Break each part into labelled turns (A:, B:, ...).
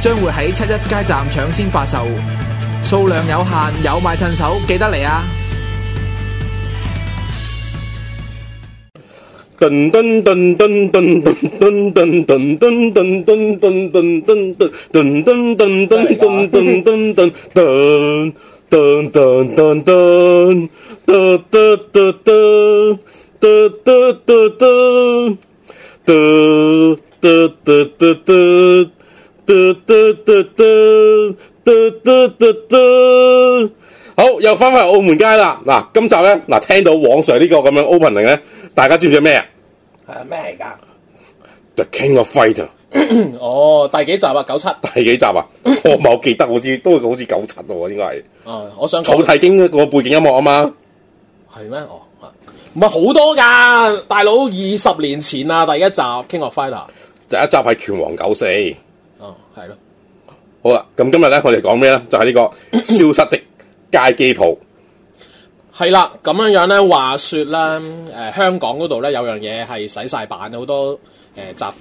A: 將會喺七一街站搶先發售，數量有限，有買趁手，記得嚟
B: 啊！好又翻返澳門街啦！嗱、啊，今集咧嗱、啊，聽到網上呢個咁樣 opening 咧，大家知唔知咩啊？
A: 係咩嚟噶
B: ？The King of Fighters 啊！
A: 哦，第幾集啊？九七？
B: 第幾集啊？ 我冇記記得，好似都係好似九七喎、啊，應該係、哦。我想草提經個背景音樂啊嘛。
A: 係咩？哦，唔係好多噶，大佬二十年前啦，第一集 The King of Fighters 啊！第
B: 一集係拳王九四。係咯，好啦，咁今日咧，我哋講咩咧？就係、是、呢個消失的街機鋪。
A: 係啦，咁咳咳樣樣咧，話說啦，誒、呃，香港嗰度咧，有樣嘢係洗晒版，好多誒雜。呃雜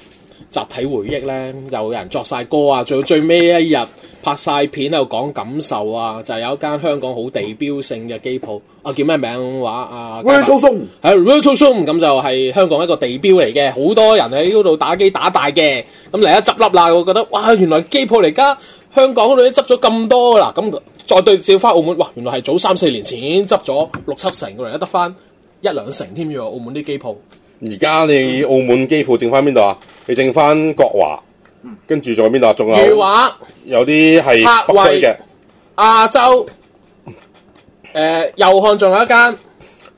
A: 集體回憶咧，有人作晒歌啊，做到最尾一日拍晒片，喺度講感受啊，就係有一間香港好地標性嘅機鋪啊，叫咩名話啊？Retro Zone，係 Retro Zone，咁就係香港一個地標嚟嘅，好多人喺嗰度打機打大嘅。咁嚟一執笠啦，我覺得哇，原來機鋪嚟㗎，香港嗰度都執咗咁多噶啦。咁再對照翻澳門，哇，原來係早三四年前已經執咗六七成，而家得翻一兩成添喎，澳門啲機鋪。
B: 而家你澳門機鋪剩翻邊度啊？你剩翻國華，跟住仲有邊度啊？仲有如華，有啲係北區嘅亞洲。誒、呃，又漢仲有一間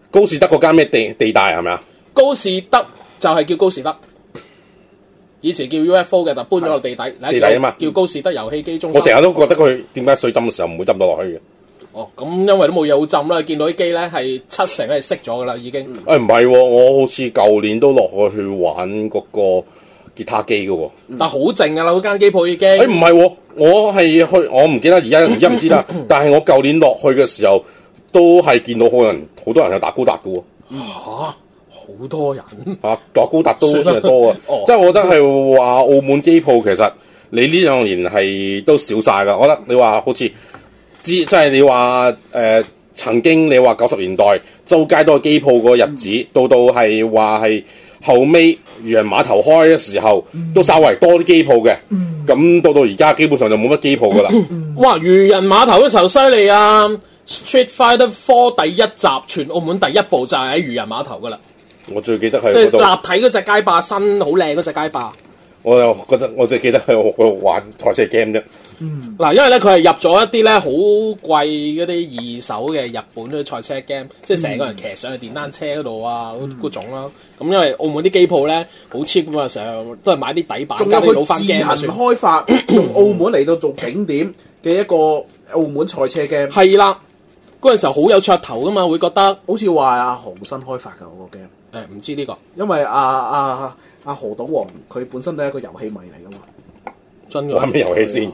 B: 高士德嗰間咩地地帶係咪啊？
A: 高士德就係叫高士德，以前叫 UFO 嘅，就搬咗落地底。地底啊嘛，叫高士德遊戲機中心。我成日都
B: 覺得佢點解水浸嘅時候唔會浸到落去嘅。
A: 哦，咁因為都冇嘢好浸啦，見到啲機咧係七成咧熄咗噶啦，已經。誒、
B: 哎，唔係、哦，我好似舊年都落去玩嗰個吉他機喎、哦嗯。但係好
A: 靜噶啦，嗰間機鋪已經。誒、哎，唔係、
B: 哦，我係去，我唔記得而家而家唔知啦、嗯嗯嗯嗯。但係我舊年落去嘅時候，都係見到好多人，好多人有打高達噶。
A: 吓、啊，好多人。
B: 打、啊、高達都算係多噶。哦，即係我覺得係話澳門機鋪，其實你呢兩年係都少晒噶。我覺得你話好似。即係你話誒、呃，曾經你話九十年代周街都係機鋪個日子，嗯、到到係話係後尾漁人碼頭開嘅時候、嗯，都稍微多啲機鋪嘅。咁、嗯、到到而家基本上就冇乜機鋪噶啦。
A: 哇！漁人碼頭嗰時候犀利啊！Street Fighter Four 第一集，全澳門第一部就係喺漁人碼頭噶啦。
B: 我最記得係、就是、立
A: 體嗰隻街霸新好靚嗰隻街霸，
B: 我又覺得我最記得係我喺度玩台車 game 啫。
A: 嗱、嗯，因為咧佢係入咗一啲咧好貴嗰啲二手嘅日本嘅賽車 game，即係成個人騎上去電單車嗰度啊嗰種咯。咁因為澳門啲機鋪咧好 cheap 啊，成日都係買啲底板加啲老翻 game 仲有佢自行開發,開
C: 發澳門嚟到做
A: 景點嘅一個澳門賽車 game。係、嗯、啦，嗰、嗯、陣、嗯、時候好有噱頭噶嘛，會覺得好似話阿何新開發噶嗰個 game。誒唔、欸、知呢、呢個，因為阿阿阿何董王佢本身都係一個遊戲迷嚟噶嘛，玩咩
C: 遊戲,先,遊戲先？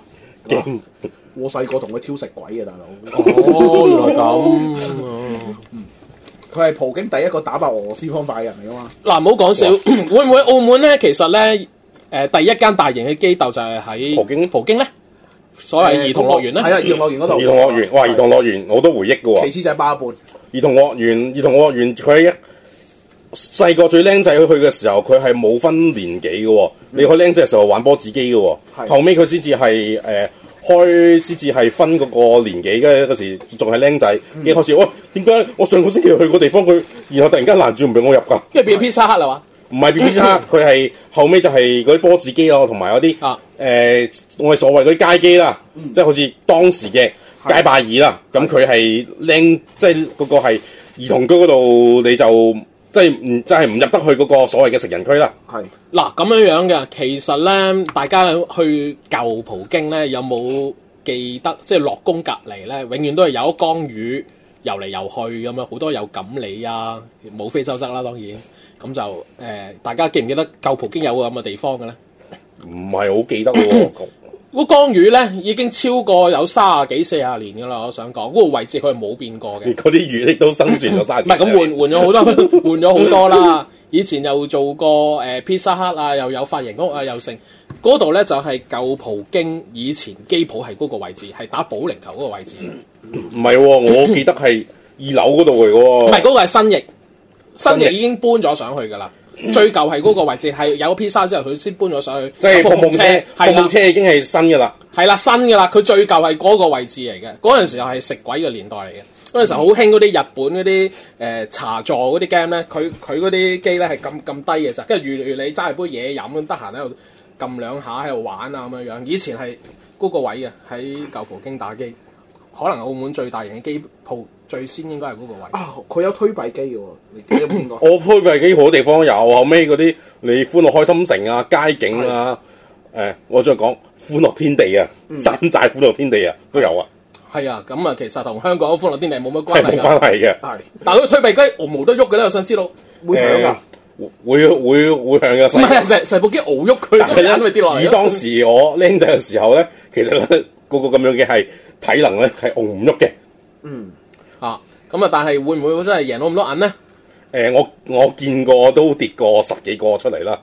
C: 我細個同佢挑食鬼啊大佬， 哦，原來咁。佢 係葡京第一個打爆俄羅斯方塊嘅人嚟啊
A: 嘛。嗱，唔好講笑，會唔會澳門咧？其實咧，誒、呃，第一間大型嘅機竇就係喺葡京，葡京咧，所謂兒童樂園咧，喺兒童樂園嗰度，兒童樂園，哇，兒童樂園
B: 我都回憶噶喎。其次就係八佰伴兒童樂園，兒童樂園，佢喺一。細個最靚仔去嘅時候，佢係冇分年紀嘅、哦。你去靚仔嘅時候玩波子機嘅、哦，後尾佢先至係誒開，先至係分個年紀嘅。嗰時仲係靚仔，幾開、嗯、始？喂，點解我上個星期去個地方，佢然後突然間攔住唔俾我入噶？因為變 Pizza Hut 係嘛？唔係變 Pizza，佢 係後尾就係嗰啲波子機咯，同埋嗰啲誒我哋所謂嗰啲街機啦，即係、啊呃嗯就是、好似當時嘅街霸二啦。咁佢係僆，即係嗰個係兒童區嗰度，你就。即係唔，即係唔入得去嗰個所謂嘅食人區啦。係
A: 嗱咁樣樣嘅，其實咧，大家去舊葡京咧，有冇記得？即係落宮隔籬咧，永遠都係有一缸魚游嚟游去咁樣，好多有錦鯉啊，冇非洲鯽啦，當然咁就誒、呃，大家記唔記得舊葡京有個咁嘅地方嘅咧？
B: 唔係好記得喎。
A: 嗰缸魚咧，已經超過有三啊幾四十年噶啦，我想講嗰、嗰個位置佢係冇變過
B: 嘅。嗰啲魚亦都生存咗三十年唔係咁換，換咗好多，
A: 換咗好多啦。以前又做過誒、呃、Pizza Hut 啊，又有髮型屋啊、呃，又成嗰度咧就係舊葡京以前機舖係嗰個位置，係打保齡球嗰個位置。
B: 唔係、哦，我記得係二樓嗰度嚟喎。唔係嗰
A: 個係新翼，新翼已經搬咗上去噶啦。最舊係嗰個位置，係、嗯、有披薩之後佢先搬咗上去。即係部碰車，碰碰車已
B: 經係新噶啦。係啦，新
A: 噶啦，佢最舊係嗰個位置嚟嘅。嗰陣時候係食鬼嘅年代嚟嘅，嗰陣時候好興嗰啲日本嗰啲誒茶座嗰啲 game 咧，佢佢嗰啲機咧係咁咁低嘅咋，跟住如如你揸杯嘢飲，得閒喺度撳兩下喺度玩啊咁樣樣。以前係嗰個位啊，喺舊葡京打機，可能澳門最大型嘅機鋪。最先應該係嗰個位置啊！佢有推幣
C: 機
B: 嘅喎，你 我推幣機好多地方有啊。後屘嗰啲，你歡樂開心城啊、街景啊，誒、哎，我再講歡樂天地啊、嗯、山寨歡樂天地啊，都有啊。
A: 係啊，咁啊，其實同香港歡樂天地冇乜關係嘅。冇關係嘅。但係佢推幣機，我冇得喐嘅咧。我想知道會響啊，
B: 會向、哎、會響嘅。成部，部機傲
A: 喐佢，但因為啲落嚟。以當時
B: 我僆仔嘅時候咧、嗯，其實嗰個咁樣嘅係體能咧係傲唔喐嘅。嗯。咁啊！但係會唔會真係贏到咁多銀咧？誒、呃，我我見過都跌過十幾個出嚟啦。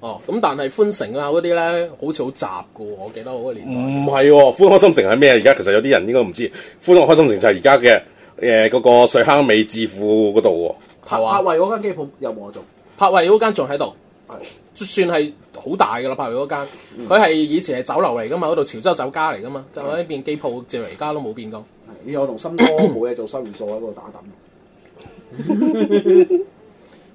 A: 哦，咁但係歡城啊嗰啲咧，好似好雜噶。我記得嗰個年
B: 代。唔係、哦，歡樂開心城係咩啊？而家其實有啲人應該唔知，歡樂開心城就係而家嘅、誒嗰個水坑尾致富嗰度喎。
A: 柏柏惠嗰間機鋪有冇我做？柏惠嗰間仲喺度，就算係好大噶啦！柏惠嗰間，佢係以前係酒樓嚟噶嘛，嗰度潮州酒家嚟噶嘛，咁呢邊機鋪至而家都冇變過。咦！我同鏘哥冇嘢做，收元數喺嗰度打躉。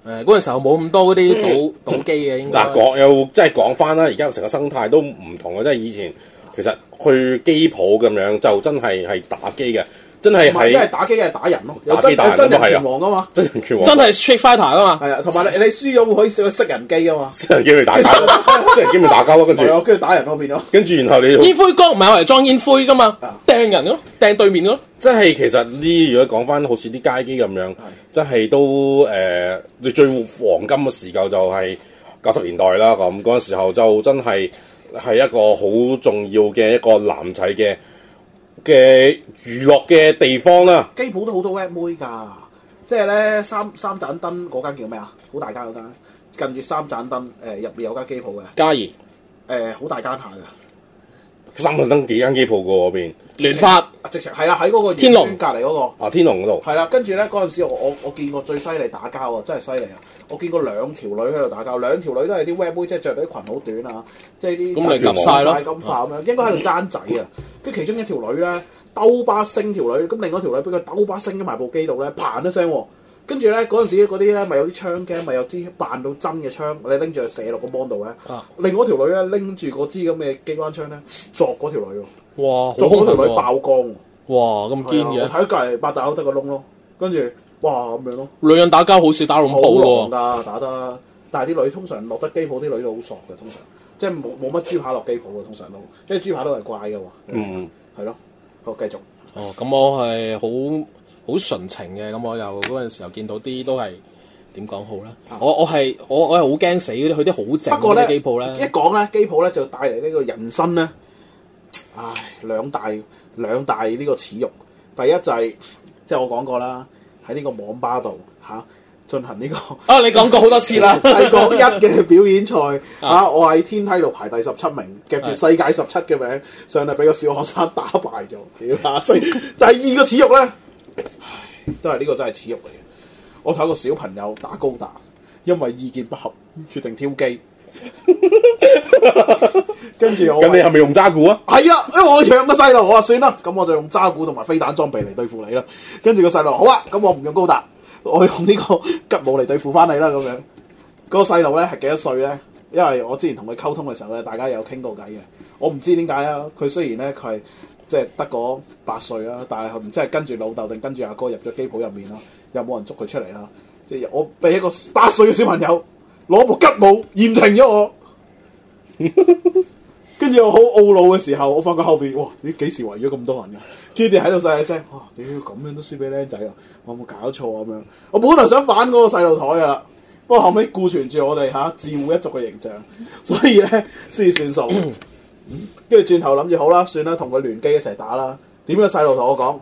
A: 誒，
B: 嗰陣時候冇咁多嗰啲賭賭機
A: 嘅，應該嗱，
B: 又即係講翻啦。而家成個生態都唔同啊！即係以前其實去機舖咁樣就真係係打機嘅。真係真係，因為
C: 打機係打人咯，有打打真係真
B: 人拳王噶嘛，真人拳王，真係
A: street fighter
C: 噶嘛，係啊，同埋你你輸咗會可以識人機噶嘛，
B: 識人機咪打，識人機咪打交咯， 跟住，跟住打人咯變咗，跟 住然後你煙
A: 灰缸唔係我嚟裝煙灰噶嘛，
B: 掟、啊、人咯，掟對面咯，真、就、係、是、其實呢，如果講翻好似啲街機咁樣，真係、就是、都誒、呃、最黃金嘅時候就係九十年代啦，咁嗰陣時候就真係係一個好重要嘅一個男仔嘅嘅娛樂嘅地方啦、
C: 啊，機舖都好多 at 妹㗎，即係咧，三三盞燈嗰間叫咩啊？好大間嗰間，近住三盞燈，誒、呃、入面有間機舖嘅，嘉怡，誒、呃、好大間下㗎。
B: 三幾正正正啊，登幾間機鋪噶嗰邊？聯發啊，直情係啊，喺嗰個天龍隔籬嗰個啊，天龍嗰度
C: 係啦。跟住咧，嗰陣時我我我見過最犀利打交啊，真係犀利啊！我見過兩條女喺度打交，兩條女都係啲歪妹即係着到啲裙好短啊，即係啲夾帶金髮咁樣，應該喺度爭仔啊。跟、嗯、其中一條女咧兜巴星，條女咁，另外一條女俾佢兜巴星咗埋部機度咧，嘭一聲、啊。跟住咧，嗰陣時嗰啲咧，咪有啲槍 game，咪有支扮到真嘅槍，你拎住去射落個芒度咧。另外條女咧拎住個支咁嘅機關槍咧，作嗰條女喎。
A: 哇！作嗰、啊、條女爆
C: 光喎。
A: 哇！咁堅嘅。睇隔
C: 籬八大口得個窿咯，跟住哇咁樣咯。
A: 女人打交好少打龍堡㗎，
C: 打得，但係啲女通常落得機舖，啲女都好傻嘅，通常，即係冇冇乜豬扒落機舖嘅，通常都，因為豬扒都係怪嘅喎。嗯，係、啊、咯，好繼續。
A: 哦，咁我係好。嗯嗯嗯嗯嗯嗯嗯好純情嘅，咁我又嗰陣時候見到啲都係點講好咧、啊？我我係我我係好驚死啲，佢啲好正嗰啲機舖咧。一
C: 講咧機舖咧就帶嚟呢個人生咧，唉，兩大兩大呢個恥辱。第一就係即係我講過啦，喺呢個網吧度嚇進行呢、這個。哦、啊，你講過好多次啦，係、呃、講一嘅表演賽嚇、啊啊，我喺天梯度排第十七名夾住世界十七嘅名，上嚟俾個小學生打敗咗，所以第二個恥辱咧。唉，都係呢，這個真係恥辱嚟嘅。我睇個小朋友打高達，因為意見不合，決定挑機。 跟住我是，咁你係咪
B: 用渣古啊？係啦，啊，因
C: 為我養個細路，我話算啦，咁我就用渣古同埋飛彈裝備嚟對付你啦。跟住個細路，好啊，咁我唔用高達，我用呢個吉姆嚟對付翻你啦。咁樣，嗰個細路咧係幾多歲咧？因為我之前同佢溝通嘅時候咧，大家有傾過偈嘅。我唔知點解啊。佢雖然咧，佢。即係得個八歲啦，但係唔知係跟住老豆定跟住阿哥入咗機鋪入面啦，又冇人捉佢出嚟啦。即係我俾一個八歲嘅小朋友攞部吉姆驗停咗我，跟 住我好懊惱嘅時候，我發覺後邊哇，你幾時圍咗咁多人嘅？天 i 喺度細細聲，哇、啊，屌咁樣都輸俾僆仔啊！我冇搞錯啊？咁樣，我本來想反嗰個細路台噶啦，不過後尾顧存住我哋吓，自、啊、母一族嘅形象，所以咧先算數。 跟住轉頭諗住好啦，算啦，同佢聯機一齊打啦。點解細路同我講？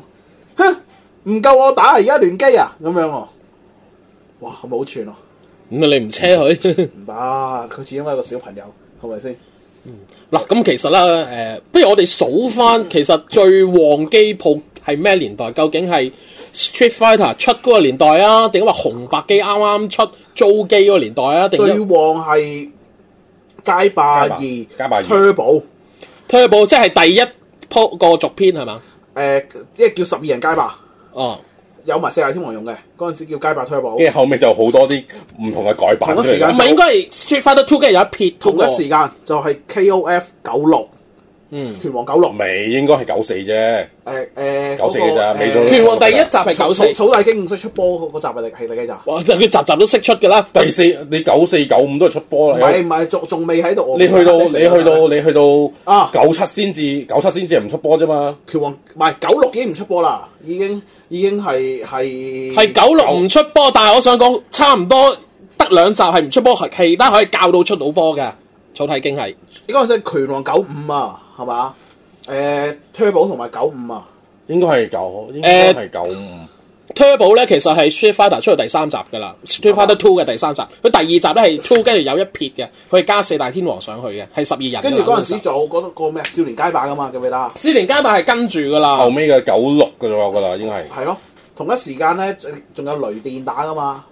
C: 哼，唔夠我打啊！而家聯機啊，咁樣哦。哇
A: 好冇串喎，啊。唔、嗯、咁你唔車佢？
C: 唔 打？佢始終係個小朋友，係咪先？
A: 嗯。嗱，咁其實啦，誒、呃，不如我哋數翻，其實最旺機鋪係咩年代？究竟係 Street Fighter 出嗰個年代啊？定咁話紅白機啱啱出租機嗰個年代啊？定最旺係。街霸二，街霸 Turbo，Turbo，即係第一鋪
C: 個續篇係嘛？誒，即、呃、係叫十二人街霸。哦，有埋四大天王用嘅嗰陣時叫街霸 Turbo，跟住後
B: 尾就好多啲唔同嘅改版。同一時間唔係應
C: 該係 Street Fighter Two，跟
B: 住有一片同一時
C: 間就係 KOF 九六。
B: 嗯，拳皇九六未，應該係九四啫。誒誒，九四咋？拳皇第一集係九四，草
C: 薙京唔識出波嗰嗰集係係
B: 第幾集？哇！佢集集都識出㗎啦。第四你九四九五都係出波啦。唔係
C: 唔係，仲仲未喺度。你去到你去到你去到啊九七
B: 先至九七先至唔出波啫嘛。拳皇
C: 唔係九六已經唔出波啦，已經已經係係係九
A: 六唔出波。但係我想講差唔多得兩集係唔出波，其他可以教到出到波嘅草薙京係。
C: 你講緊拳皇九五啊？
A: 係嘛？誒 Turbo 同埋九五啊，應該係九，應該係九五。Turbo 咧，其實係 Street Fighter 出嚟第三集噶啦 Street Fighter Two 嘅第三集。佢、uh -huh. 第二集咧係 Two，跟住有一撇嘅，佢 係加四大天王上去嘅，係十二人的。跟住嗰陣時
C: 做嗰、那個咩少年街霸噶嘛？記唔記得？
A: 少年街霸係跟住噶啦，後尾嘅九六嘅咗㗎啦，我覺得應該係。係咯，同一時間咧，仲有雷電打噶嘛？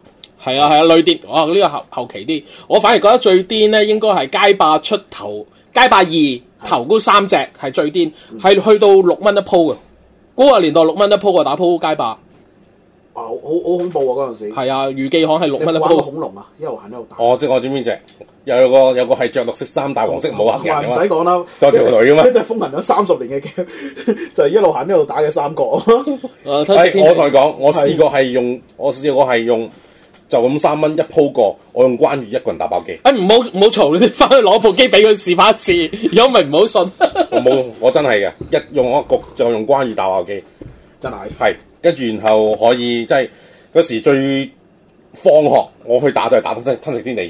A: 係啊係啊，雷電哦，呢、這個後後期啲，我反而覺得最癲咧，應該係街霸出頭，街霸二。頭嗰三隻係最癲，係、嗯、去到六蚊一鋪嘅，嗰、那個年代六蚊一鋪嘅打鋪街霸，啊，
C: 好好恐怖啊！嗰陣時
B: 係啊，預計可係六蚊一鋪嘅恐
C: 龍啊，一路行一
B: 路打。哦，即我知邊隻？有個有個有個係着綠色衫、戴黃色帽啊，唔使講啦，做條女嘅咩？即
C: 係風行咗三十年嘅，就係一路行一路打嘅三國
B: 誒，我同你講，我試過係用，我試過係用。就咁三蚊一鋪過，我用關羽一個人打爆機。哎，
A: 唔好唔好嘈，你翻去攞部機俾佢試下字，如果唔係唔好信。
B: 我冇，我真係㗎，一用我一局就用關羽打爆機，真係。係，跟住然後可以即係嗰時最放學我去打就係、是、打吞吞食天地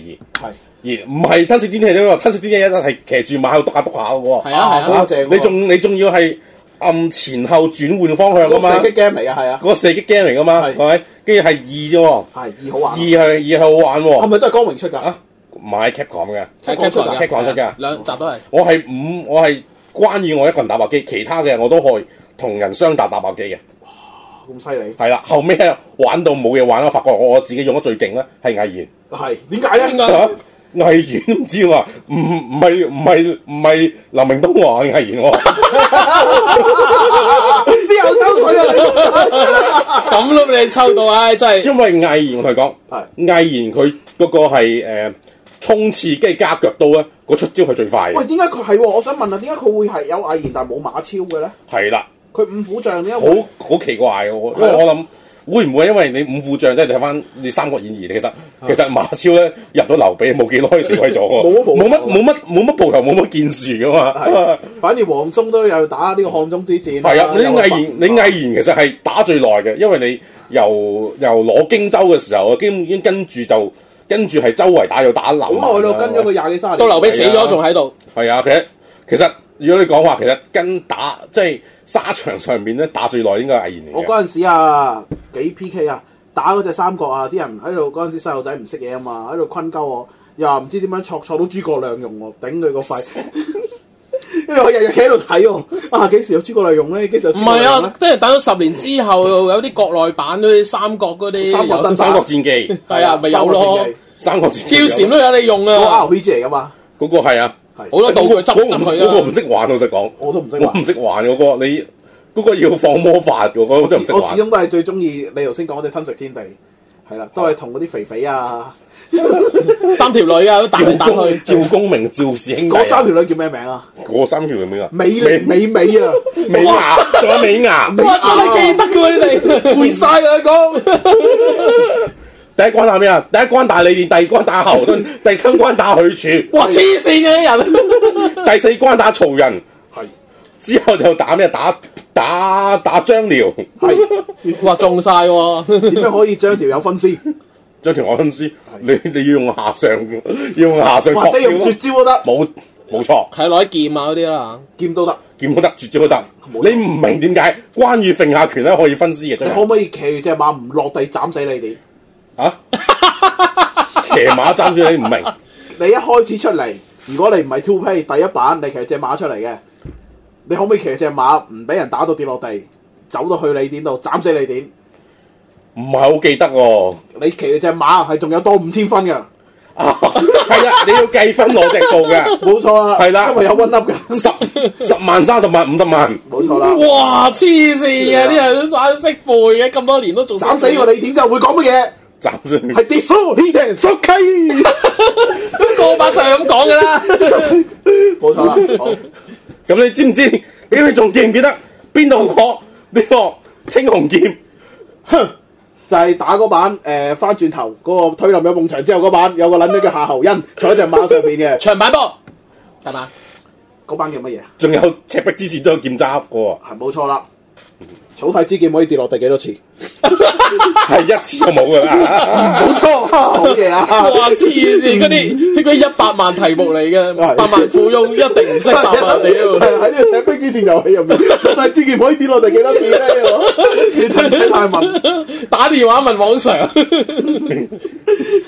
B: 二，係而唔係吞食天地咯，吞食天地一都係騎住馬喺度篤下篤下噶喎。係啊係啊，啊啊好正你仲、那個、你仲要係。暗前後轉換方向噶嘛？四、那、射、個、
C: game 嚟啊，係、那個、
B: 啊，個四擊 game 嚟噶嘛，係咪？跟住係二啫喎，係二好玩、啊，
A: 二係
B: 二係好玩喎、啊。係咪都係光榮出噶？啊，唔係 keep 咁嘅，係光榮出嘅，keep 出嘅，兩、啊、集
A: 都係。
B: 我係五，我係關於我一個人打白機，其他嘅我都可同人雙打打白機嘅。哇，
C: 咁犀利！係
B: 啦、啊，後屘玩到冇嘢玩啦，我發覺我自己用得最勁咧，係魏延。
C: 係、啊，點解咧？點解？啊
B: 魏延唔知話，唔唔係唔係唔係劉明東話魏延喎，哦、
C: 你又抽水
B: 啊，咁都你， 你抽到唉真係。因為魏延我哋講係魏延佢嗰個係誒衝刺機加腳刀咧，嗰出招係最快。喂，點
C: 解佢係？我想問啊，點解佢會係有魏延但係冇馬超嘅咧？係啦，佢五虎將呢？好
B: 好奇怪喎、啊，因為我諗。會唔會因為你五虎將真係睇翻《你三國演義》，其實其實馬超咧入到劉備冇幾耐就死咗喎，冇乜冇乜冇乜冇乜蒲頭，冇乜建樹噶嘛、啊。
C: 反而黃忠都有打呢個漢中之戰。係啊，你魏延、
B: 啊、你魏延其實係打最耐嘅，因為你由由攞荊州嘅時候啊，已經跟住就跟住係周圍打又打劉。咁啊去到跟咗佢
C: 廿幾三年，到劉備死咗仲喺度。
B: 係啊，其實其實如果你講話其實跟打即係。沙場上面咧打最耐應該係魏延。我嗰
C: 陣時啊幾 P K 啊打嗰隻三國啊啲人喺度嗰陣時細路仔唔識嘢啊嘛喺度困鳩我又唔知點樣挫挫到諸葛亮用頂、啊、頂佢個肺，跟住我日日企喺度睇喎啊幾、啊、時有諸葛亮用咧？其實唔
A: 係啊？都係等咗十年之後有啲國內版啲三國嗰啲三國三國戰
B: 記係啊咪有咯，三國戰記貂蟬都有你用啊嗰、嗰個係 RPG 啊嘛嗰、嗰個係啊。我都到佢執唔，嗰個唔識玩，老實講。我都唔識，唔識玩嗰、嗰個。你嗰、嗰個、要放魔法，我真唔識玩。我始終
C: 都係最中意，你頭先講我哋吞食天地，係啦，都係同嗰啲肥肥啊、
B: 三條女啊、打嚟打去，趙公明、趙氏兄弟嗰、啊、三條女叫咩名啊？嗰三條叫咩啊？美美，美美，美，美，美啊！美牙仲有美牙，美真係記得佢哋，攰晒啦講。第一關打咩啊？第一關打李典，第二關打侯惇，第三關打許褚。哇！黐線嘅人。第四關打曹仁，係，之後就打咩？打打打張遼。係哇，中晒點解可以將條友分屍？將條友分屍，你你要用下上，要用下上。即係用絕招都得。冇冇錯。係攞劍劍啊嗰啲啦，劍都得，劍都得，絕招都得、嗯。你唔明點解關羽揈下拳咧可以分屍嘅？你可唔可以騎隻馬唔落地斬死你哋？啊！騎 馬斬住你唔明。你一開始
C: 出嚟，如果你唔係 two pay 第一版，你騎隻馬出嚟嘅。你可唔可以騎隻馬，唔俾人打到跌落地，走到去你點度斬死你點？
B: 唔係好記
C: 得喎。你騎隻馬係仲有多五千分噶？係啊是，你要計
B: 分攞只數嘅，冇 錯啊。係啦，因為有 one up 嘅十十萬、三十萬、五十萬，冇錯啦。哇！黐線嘅啲人
A: 都玩識背嘅，咁多年都仲。斬死我你點就會講乜嘢？
B: 斬 上邊係跌數呢啲人索溪，個版就係咁講㗎啦，冇錯啦。咁你知唔知？你你仲記唔記得邊度講呢個青紅劍？哼， 就係打
C: 嗰版誒，翻轉頭嗰、嗰個推冧有夢牆之後嗰版，有個撚女叫夏侯恩坐喺隻馬上邊嘅長板坡，係嘛？嗰版叫乜嘢啊？仲有
B: 赤壁之戰都有劍斬
C: 過，係冇錯啦。草太之劍可以跌落地幾多次？
A: 係 一次都冇噶啦，冇 錯。好嘢啊！哇，黐線！嗰啲應該一百萬題目嚟嘅， 百萬富翁 一定唔識，麻麻地喺呢度請兵之戰遊戲入
B: 邊， 草太之劍可以跌落地幾多
A: 次咧？ 你真係唔使太問，打電話問黃
B: sir、 啊。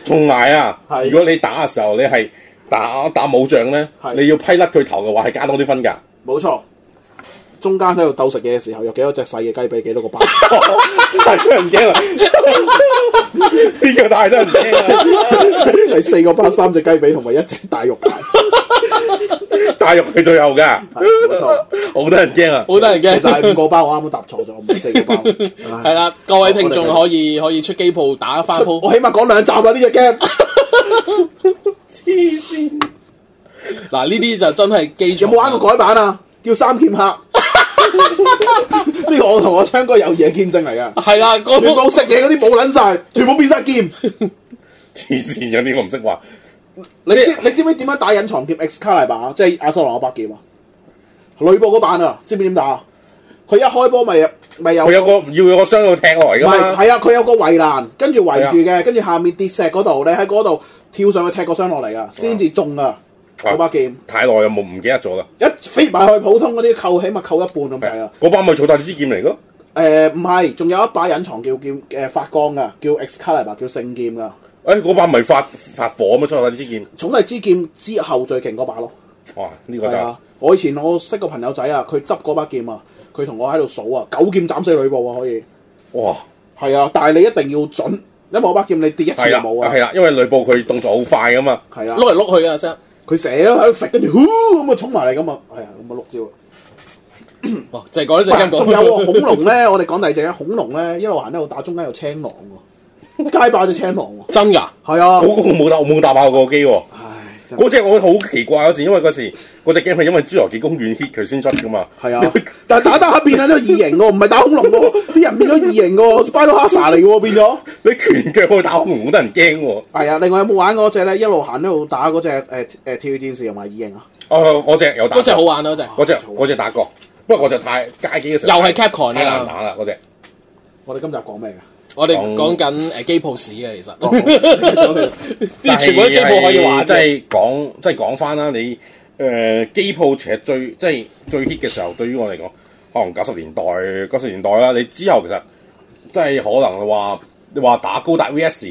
B: 同埋啊，如果你打嘅時候你係打打武將咧，你要批甩佢頭嘅話，係加多啲分噶。冇錯。中
C: 間喺度鬥食嘢嘅時候，有幾多隻細嘅雞髀，幾多個包，大得人驚啊！邊 個大得人驚啊？係 四個包，三隻雞髀同埋一隻大
A: 肉排， 大肉係最後噶，
B: 冇 錯，
A: 好多人驚啊，好多人驚！其實五個包我啱啱答錯咗，唔係四個包。係 啦不是， 各位聽眾可以可以出機鋪打翻鋪，我起碼講兩集啊！呢隻 game，
B: 黐線。
C: 嗱呢啲就真係記住有冇玩過改版啊？叫三劍客，呢個我同我鏘哥友誼嘅見證嚟噶。係啦，嗰個，全部食嘢嗰啲冇撚晒，全部變晒劍。 黐線，有啲我唔識話。你知你知唔知點樣打隱藏劍？X 卡嚟把，即係阿蘇拉嗰把劍啊！呂布嗰版啊，知唔知點打？佢一開波咪咪有，佢有個要有個箱度踢落嚟噶嘛？係啊，佢有個圍欄，跟住圍住嘅，跟住下面跌石嗰度，你喺嗰度跳上去踢個箱落嚟噶，先至中啊！九、啊、
B: 把劍，太耐又冇唔記得咗啦。一
C: 飛埋去普通嗰啲扣，起碼扣一半咁計啊！嗰把咪草薙之劍嚟咯？誒、呃，唔係，仲有一把隱藏叫劍，誒、呃、發光噶，叫 Excalibur，叫聖劍噶。誒、欸，嗰把咪係發發火咩？草薙之劍？草薙之劍之後最勁嗰把咯。哇！呢、這個就我以前我識個朋友仔啊，佢執嗰把劍啊，佢同我喺度數啊，九劍斬死呂布啊，可以。哇！係啊，但係你一定要準，因為九把劍你跌一次冇啊。係啦，
B: 因為呂布佢動作好快㗎嘛。係啊，碌嚟
C: 碌去啊聲。佢成日喺度揈，跟住呼咁啊，衝埋嚟咁啊，係啊，咁啊六招啊， 哦，就
A: 係、
B: 是、講、啊、一陣間講。仲有個恐龍
C: 咧，我哋講第二隻啊，恐龍咧 一,一路行一路打，中間有青狼喎， 街霸隻青狼喎。
B: 真噶？係啊。我我冇打，我冇打爆過個機喎、啊。 嗰隻我好奇怪嗰時，因為嗰時嗰隻 game 係因為侏羅紀公園 hit 佢先出噶嘛。係啊，但係
C: 打打下變咗個異形喎，唔係打恐龍喎，啲人變咗異形喎，Spider 殺
B: 手嚟噶喎，變咗。你拳腳可以打恐龍，好得人驚喎。
C: 係啊，另外有冇玩嗰隻咧？一路行一路打嗰隻誒誒跳電視，同埋異形啊。
B: 哦，我嗰隻有打。嗰隻好玩啊，嗰隻。嗰隻嗰隻打過，不過我只太街
A: 機嘅時候。又係 Capcom 打啦，嗰隻。我哋
B: 今集講
A: 咩啊？我哋講緊誒機鋪市嘅其實，全部機鋪可以話即係
B: 講，即係講翻啦。你誒機鋪其實最即係最 hit 嘅時候，對於我嚟講，可能九十年代、九十年代啦。你之後其實即係可能話你話打高達 V S，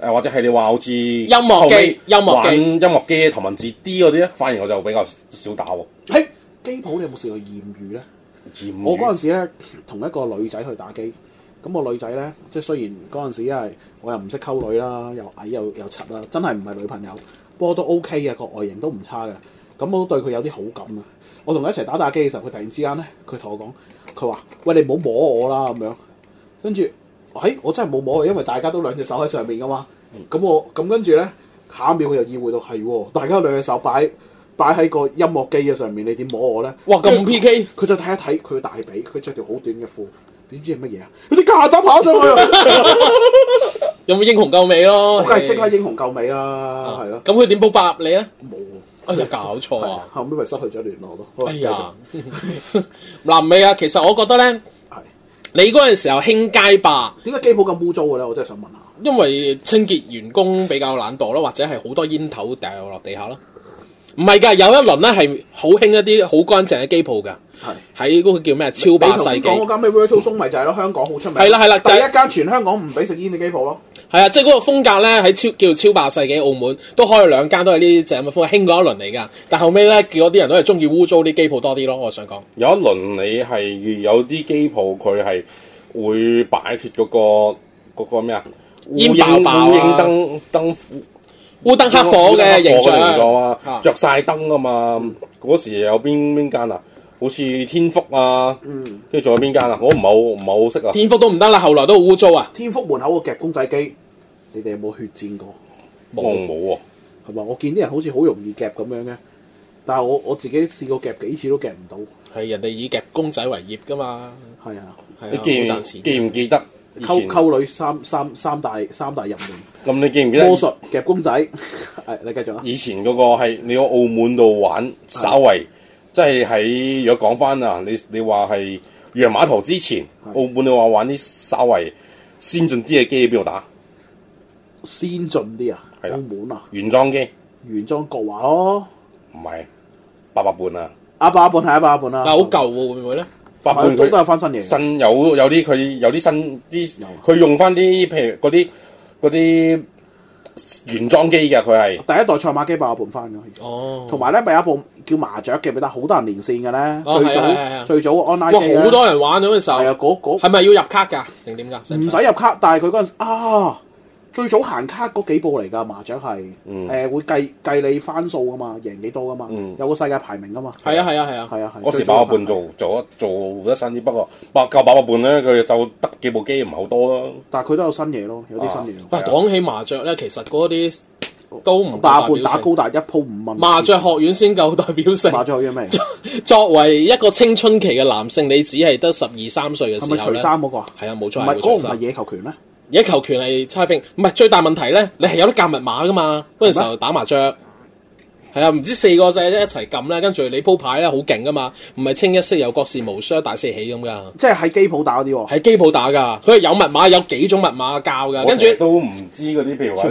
B: 誒或者係你話好似音樂機、音樂玩音樂機同頭文字 D 嗰啲咧，反而我就比較少打喎。嘿、欸，
C: 機鋪你有冇試過艷遇咧？艷遇？我嗰陣時咧，同一個女仔去打機。咁個女仔咧，即係雖然嗰陣時，因為我又唔識溝女啦，又矮又又柒啦，真係唔係女朋友，不過都 OK 嘅，個外形都唔差嘅。咁我都對佢有啲好感啊！我同佢一齊打打機嘅時候，佢突然之間咧，佢同我講，佢話：喂，你唔好摸我啦！咁樣跟住，哎，我真係冇摸佢，因為大家都兩隻手喺上面噶嘛。咁我咁跟住咧，下一秒佢又意會到係喎，大家兩隻手擺擺喺個音樂機嘅上面，你點摸我咧？哇！咁 P. K. 佢再睇一睇佢大髀，佢着條好短嘅褲。點知係乜嘢？啊？佢啲架走跑上
A: 去，有冇英雄救美咯？梗係即刻英雄救美啦，係咯。咁佢點報答你啊？冇哎呀搞錯啊！後尾咪失去咗聯絡咯。哎呀嗱唔係啊，其實我覺得咧，你嗰陣時候興街霸，點解機鋪咁污糟嘅咧？我真係想問下。因為清潔員工比較懶惰咯，或者係好多煙頭掉落地下咯。唔係噶，有一輪咧係好興一啲好乾淨嘅機鋪噶，係喺嗰個叫咩超霸世紀。你同我
C: 講嗰間咩 Where to 鬆咪就係咯，嗯，香港好出名。係啦係啦，第一間全香港唔俾食煙嘅機鋪
A: 咯。係啊，即係嗰個風格咧，喺超叫超霸世紀澳門都開咗兩間，都係呢隻咁嘅風格，興嗰一輪嚟噶。但後尾咧，見到啲人都係中意污糟啲機鋪多啲咯。我想講
B: 有一輪你係有啲機鋪佢係會擺脫嗰個嗰、嗰個咩啊？煙煙燈
A: 燈。烏燈黑火嘅形，形，形象啊，着
B: 晒燈啊嘛！嗰時有邊邊間啊？好似天福啊，跟住仲有邊間啊？我唔好唔係好識啊！天福都唔得啦，後來都好污糟啊！
C: 天福門口個夾公仔機，你哋有冇血戰過？
A: 我冇，
C: 哦、啊。係嘛？我見啲人好似好容易夾咁樣嘅，但係我我自己試過夾幾次都夾唔到。
A: 係人哋以夾公仔為業噶嘛？係啊，啊，
C: 你記唔記唔記
B: 得？溝溝
C: 女三三三大三大入門。
B: 咁你記唔記得嘅公仔？係你繼續啊！以前嗰個係你喺澳門度玩，稍為即係喺如果講翻啊！你你話係洋馬圖之前，澳門你話玩啲稍為先進啲嘅機喺邊度打？先進啲啊？澳門啊？原裝機？原裝國華咯？
C: 唔係八百半啊！阿八半係一八半啦！嗱，好
B: 舊喎，會唔會咧？八百半都係翻新嘢。新有有啲佢有啲新啲，佢用翻啲譬如嗰啲。嗰啲原裝機嘅佢係第一代賽馬機，爆我換翻咗。哦，
C: 同埋咧，咪有一部叫麻雀嘅，咪得好多人連線嘅咧、哦。最早、哦、最早、最早 online 好多人
A: 玩嗰陣時候，係咪要入卡噶定點㗎？唔使
C: 入卡，但係佢嗰陣啊。最早行卡嗰幾步嚟㗎，麻雀係誒會計計你番數㗎嘛，贏幾多㗎嘛，嗯、有個世界排名㗎嘛。係啊係啊係啊，係啊。嗰時、啊啊啊啊啊、八百伴做、
B: 啊、做做得新啲，不過百夠八百伴咧，佢就得幾部機唔係好多咯。但佢都有新嘢咯，有啲新嘢。喂、啊、
A: 講、啊啊、起麻雀咧，其實嗰啲都唔八百伴打高
B: 達一鋪五蚊。
A: 麻雀學院先夠代表性。麻雀學院咩？作為一個青春期嘅男性，你只係得十二三歲嘅，係咪除衫嗰
C: 個？係啊，冇錯。唔係嗰個唔係野球拳咩？
A: 而家球權係差評，唔係最大問題咧。你係有啲教密碼噶嘛？嗰陣時候打麻雀，係啊，唔知四個掣一齊撳咧，跟住你鋪牌咧好勁噶嘛？唔係清一色有國士無雙大四
B: 喜咁噶。
C: 即係喺機鋪打嗰啲、哦，
B: 喺機鋪打噶，佢係有密碼，有幾種密碼教噶，我跟住都唔知嗰啲，譬如話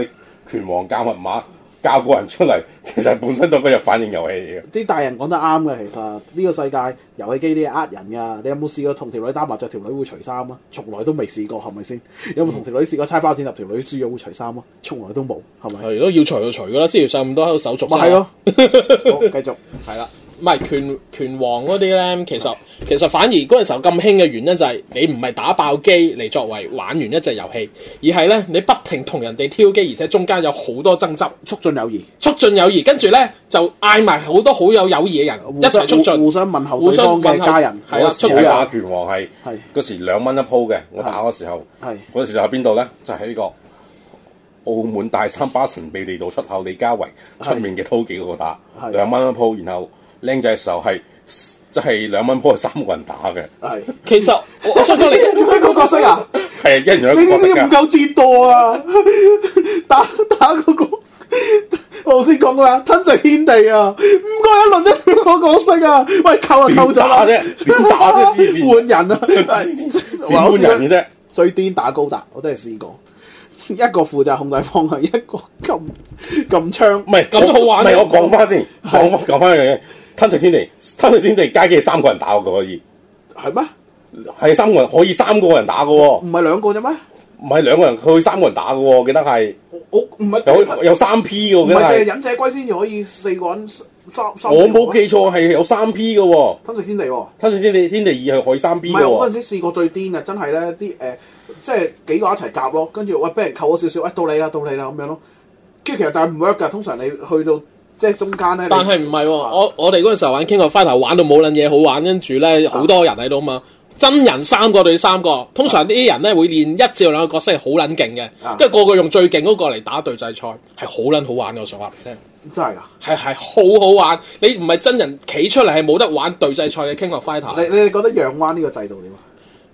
B: 拳王教密碼。教過人出嚟，其實本身都嗰日反應遊戲嚟嘅。啲大人
C: 講得啱嘅，其實呢、這個世界遊戲機啲嘢呃人㗎。你有冇試過同條女打麻雀，條女會除衫啊？從來都未試過，係咪先？有冇同條女試過猜包剪揼
A: 條女輸咗會除衫啊？從來都冇，係咪？如果要除就除㗎啦，輸唔曬咁多手續是是、啊。咪係咯，好繼續。係啦、啊。唔係拳拳王嗰啲咧，其實其實反而嗰陣時候咁興嘅原因就係你唔係打爆機嚟作為玩完一隻遊戲，而係咧你不停同人哋挑機，而且中間有好多爭執，促進友誼，促進友誼。跟住咧就嗌埋好多好有友誼嘅人一齊促進，互相問候對方嘅家人。我時係打
B: 拳王係，係嗰時兩蚊一鋪嘅，我打嗰時候，係嗰陣時就喺邊度咧？就喺、是、呢個澳門大三巴神祕地道出口，李家維出面嘅陶記嗰個打兩蚊一鋪，然後。靚仔嘅時候係即係兩蚊波係三個人打嘅，係其實我，我想講你一 個角色啊，係 一人一個角色唔
C: 夠折墮啊？打打個，個我頭先講過啊，吞食天地啊，唔個一輪得兩個角色啊，喂扣啊扣咗啦啫，點打啫換 人啊，換 人嘅、啊、啫，最癲打高達我都係試過，
B: 一個負責控制方向，一個咁咁槍，唔係咁好玩，唔係我講翻先，講翻講翻樣嘢。 吞食天地，吞食天地街機係三個人打嘅可以，係咩？係三個人可以三個人打嘅喎，唔係兩個啫咩？唔係兩個人，佢可以三個人打嘅喎、啊，記得係。我唔係有有三 P 嘅喎。唔係忍
C: 者龜先至可以四個人三三。我冇記錯
B: 係有三 P 嘅喎。
C: 吞食天地喎、
B: 啊，吞食天地天地二係可以三 B 咯喎。嗰陣時
C: 試過最癲啊！真係咧啲誒，即係幾個一齊夾咯，跟住喂俾人扣咗少少，喂到你啦到你啦咁樣咯。跟住其實但係唔 work 㗎，通常你去到。即係
A: 中間咧，但係唔係我我哋嗰陣時候玩《King of Fighter》玩到冇捻嘢好玩，跟住咧好多人喺度啊嘛，真人三個對三個，通常呢啲人咧會練一至兩個角色係好捻勁嘅，跟住個個用最勁嗰個嚟打對制賽，係好捻好玩嘅，我想話俾你聽。真係噶？係，係好好玩，你唔係真人企出嚟係冇得玩對制賽嘅《King of Fighter》。你你哋覺得仰彎呢個制度點啊？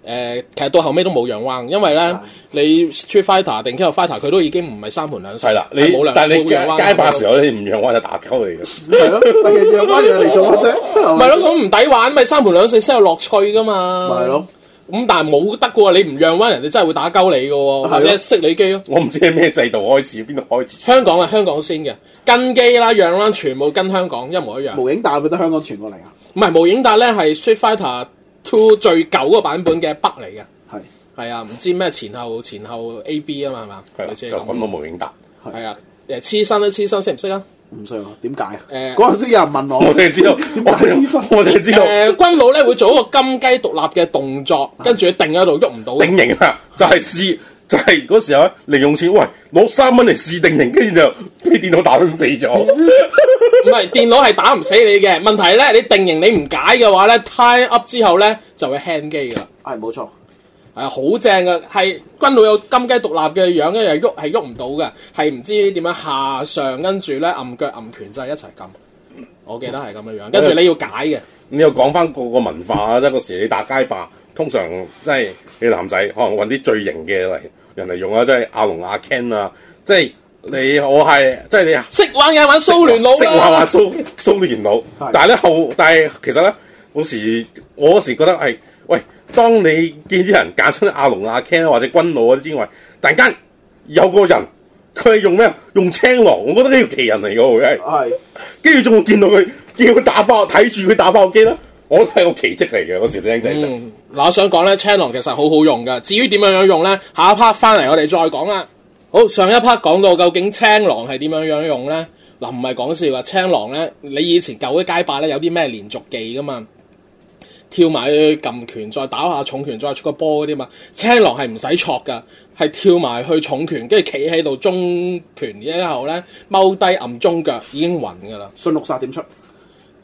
A: 誒，其實到後尾都冇讓彎，因為咧，你 Street Fighter 定《其他 Fighter》，佢都已經唔係三盤兩勝啦。你讓彎，但係你讓彎街霸時候
B: 你唔讓彎就打鳩嚟嘅。
A: 係
C: 咯，但係
A: 讓彎讓嚟做咩唔係咯，咁唔抵玩，咪三盤兩勝先有樂趣噶嘛。係、就、咯、是，咁但係冇得噶，你唔讓彎，人哋真係會打鳩你噶喎，或者識你機咯。
B: 我唔知係咩制度開始，邊度開始？
A: 香港係香港先嘅跟機啦，讓彎全部跟香港一模一樣。無影帶得香港傳過嚟啊！唔係無影帶咧，係 Street Fighter。最舊個版本嘅 bug 嚟嘅，係係啊，唔知咩前後前後 A B 啊嘛，係嘛？就咁啊，毛永達係啊，誒黐身都黐身，識唔識啊？唔識啊？點解啊？誒
B: 嗰陣時有人問我，我哋知道點解黐身，我哋知道誒。
A: 軍佬咧會做一個金雞獨立嘅動作，跟 住定喺度喐唔到，
B: 定型啊，就係、是、C。就係、是、嗰時候零用錢喂，攞三蚊嚟試定型，跟住就俾電腦打死咗。 唔
A: 係電腦係打唔死你嘅，問題咧你定型你唔解嘅話咧 time up 之後咧就會 hang 機噶係冇錯，係好正噶係軍佬有金雞獨立嘅樣，樣，一樣喐係喐唔到噶係唔知點樣下上，跟住咧暗腳暗拳就一齊撳。我記得係咁嘅樣，樣，跟住你要解嘅、哎，
B: 你要講翻個個文化、嗯、啊，即係嗰時候你打街霸。通常即係你男仔可能揾啲最型嘅嚟人嚟用啊，即係阿龍阿 Ken 啊，即係你我係即係你啊，識玩嘅玩蘇聯佬啦，識玩蘇蘇聯佬， 但係咧後，但係其實咧，嗰時我嗰時覺得係喂，當你見啲人揀出阿龍阿 Ken、啊、或者軍佬嗰啲之外，突然間有個人佢係用咩？用青龍，我覺得呢條奇人嚟嘅喎，因跟住仲會見到佢見佢打爆睇住佢打爆機啦。我都係個奇迹嚟嘅嗰時啲靚仔就，
A: 嗱、嗯、我想講咧青狼其實好好用噶，至於點樣樣用咧，下一 part 翻嚟我哋再講啦。好，上一 part 講到究竟青狼係點樣樣用咧，嗱唔係講笑啊，青狼咧你以前舊嘅街霸咧有啲咩連續技噶嘛，跳埋去撳拳，再打下重拳，再出個波嗰啲嘛，青狼係唔使錯噶，係跳埋去重拳，跟住企喺度中拳然之後咧踎低撳中腳已經暈噶啦，信六殺點出？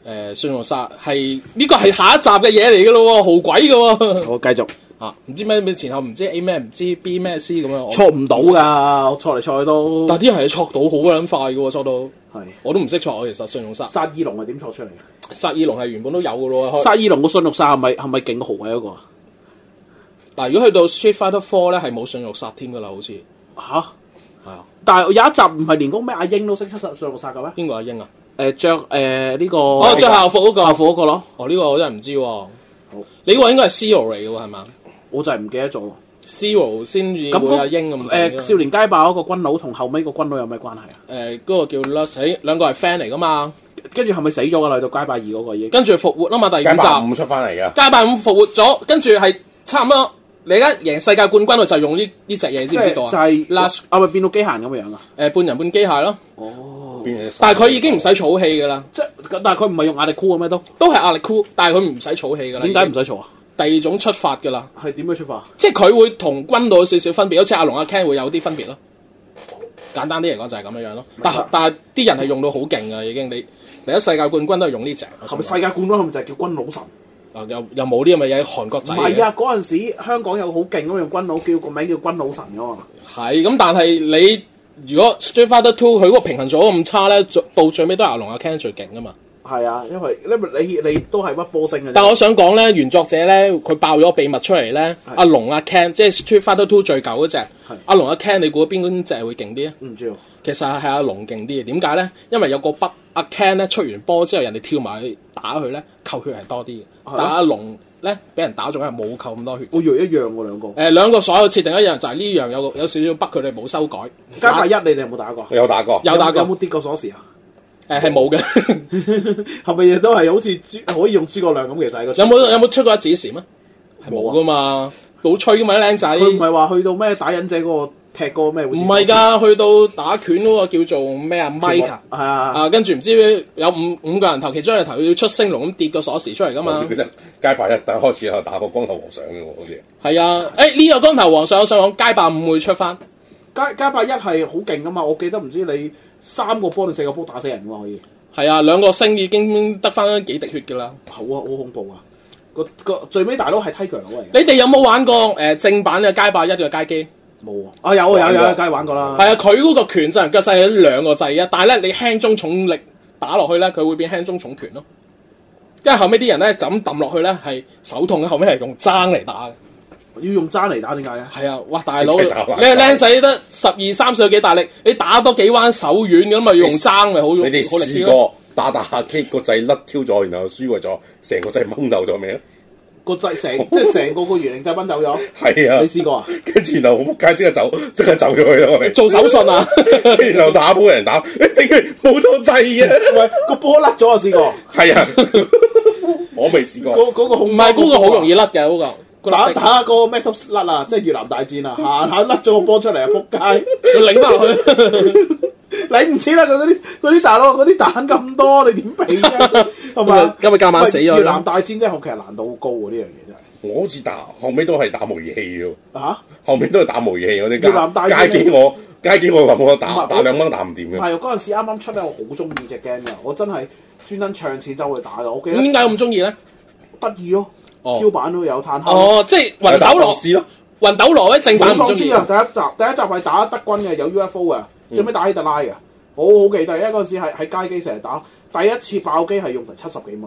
A: 誒，瞬獄殺係呢、這個係下一集嘅嘢嚟嘅咯，豪鬼嘅、啊。我繼續啊，唔知咩咩前後，唔知 A 咩，唔知 B 咩 C 咁樣，我錯唔到噶，我錯嚟錯去都。但啲人係錯到好鬼咁快嘅，錯到係，我都唔識錯。我其實瞬獄殺殺意隆係點錯出嚟嘅？殺意隆係原本都有嘅咯。殺意
C: 隆個瞬獄殺係咪係咪勁過豪鬼嗰
A: 個？嗱，是是但，如果去到 Street Fighter Four 咧，係冇瞬獄殺添嘅啦，好似吓係啊。但係有一集唔係連咩阿英都識出殺瞬獄殺嘅咩？邊個阿英啊？誒着誒呢個哦，着校服嗰、那個校服嗰、那個、個咯，哦呢、這個我真係唔知，好你個應該係 C 羅嚟嘅係嘛？我就係唔記得咗，C 羅先會阿英咁誒、呃，少年
C: 街霸嗰個軍佬同後尾個軍佬有咩關係啊？
A: 誒、呃，嗰、那個叫 l u s t、哎、y 兩個係 friend 嚟噶嘛？跟住係咪死咗個嚟到街霸二嗰個嘢？跟住復活啦嘛，第五集街霸五
B: 出翻嚟嘅，
A: 街霸五復活咗，跟住係差唔多。你而家贏世界冠軍啊，就用呢呢隻嘢，知唔知道啊？即係 last 咪變到機械咁樣啊？誒，半人半機械咯。Oh，他
B: 咯哦，但係佢
A: 已經唔使儲氣噶啦。即係但係佢唔係用壓力箍咁咩？都都係壓力箍，但係佢唔使儲氣噶啦。點解唔使儲啊？第二種出發噶啦。係點樣出發？即係佢會同軍佬少少分別，好似阿龍阿 Ken 會有啲分別咯。簡單啲嚟講就係咁樣樣咯。是但係但係啲人係用到好勁噶，已經你第一世界冠軍都係用呢隻。係咪世界冠軍就係叫軍佬神？又又冇啲咁嘅嘢，韓國仔唔係啊，
C: 嗰陣時香港有好勁咁樣軍佬叫個名叫軍佬神噶嘛。
A: 係咁、啊嗯，但係你如果 Street Fighter Two 佢個平衡做得咁差咧，到最尾都係阿龍阿 Ken 最勁㗎嘛。
C: 係啊，因為你你，你都係屈波升嘅。但我想
A: 講咧，原作者咧佢爆咗個秘密出嚟咧，阿龍阿 Ken 即係 Street Fighter Two 最舊嗰隻。阿龍阿 Ken，你估邊嗰隻會勁啲啊？唔知。其實係阿龍勁啲嘅，點解咧？因為有個筆。阿 Ken 咧出完波之後，人哋跳埋去打佢咧，扣血係多啲嘅，啊。但阿龍咧俾人打咗係冇扣咁多血。我以為一樣喎，啊、兩個。誒、呃、兩個所有設定一樣，就係呢樣有有少少北佢哋冇修改。加八一你哋有冇打，打過？
B: 有打過。有打過。有冇
A: 跌過鎖匙啊？誒係冇嘅，
C: 係咪亦都係好似可以用諸葛亮咁其實？有冇有冇出過一指時咩？
A: 冇噶，啊、嘛，倒吹噶嘛啲僆仔。佢唔係話去到咩打忍者個？踢過咩？唔係㗎，去到打拳嗰個叫做咩啊 Mike 係啊，啊跟住唔知有五五個人頭，其中一個頭要出升龍咁跌個鎖匙出嚟㗎嘛。
B: 街霸一第一開始有打，打過光頭王上，哎這個光頭和
A: 尚嘅喎，好似係啊。呢個光頭和尚上網街霸五會出翻街，街霸一係好勁㗎嘛！我記得唔知你三個波定四個波打死人㗎可以。係啊，兩個星已經得翻幾滴血㗎啦。好啊，好恐怖啊！
C: 個個最尾大佬係 Tiger 佬嚟嘅。
A: 你哋有冇玩過誒正版嘅街霸一嘅街機？冇啊！有啊有啊，梗係、啊、玩過啦。係啊，佢嗰個拳就係腳細咗兩個掣啊！但係咧，你輕中重力打落去咧，佢會變輕中重拳咯。因為後尾啲人咧就咁抌落去咧，係手痛嘅。後尾係用踭嚟打嘅，要用踭嚟打點解啊？係啊，哇大佬，你個僆仔得十二三歲，幾大力？你打多幾彎手軟咁啊，要用踭咪好用？你哋可能試過
B: 打打下 K 個掣甩挑咗，然後輸過咗，成個掣掹漏咗未啊？個制成即係成
C: 個個園林制崩走咗。係 啊，你
B: 試過啊？跟住然後扑街即刻走，即刻走咗去咯，做手信啊？ 然後又打波人打，你點解冇咗掣嘅？啊、 喂，個波甩咗 啊！試過，係啊，
C: 我
B: 未試過。嗰嗰、
C: 那個唔係嗰個好容易甩嘅嗰個，打、那個那個、打，打、那個 Metal Slug 甩啊！即係越南大戰啊，下下甩咗個波出嚟啊！扑街， 了擰落去。 你唔知啦，佢嗰啲啲大佬嗰啲蛋咁多，你點比啫？
B: 同 埋今日今晚死啊？越南大
C: 戰真係好其實難度好高喎，呢樣嘢真係。
B: 我好似打後尾都係打模擬器喎。吓、啊？後尾都係打模擬器嗰啲。越南大戰街機我街機，我話冇得打，打兩蚊打唔掂嘅。唔
C: 係，嗰陣時啱啱出咧，我好中意隻 game 嘅，我真係專登唱錢走去打咯。我記得。點解咁中意咧？得意咯，Q 版都有坦克。哦，即係魂斗羅咯，
A: 魂斗羅咧正版。我唔中意啊！
C: 第一集第一集係打德軍嘅，有 UFO 啊！最屘打希特拉嘅，好、嗯、好記得，因為嗰陣時喺喺街機成日打，第一次爆機係用成七十幾蚊。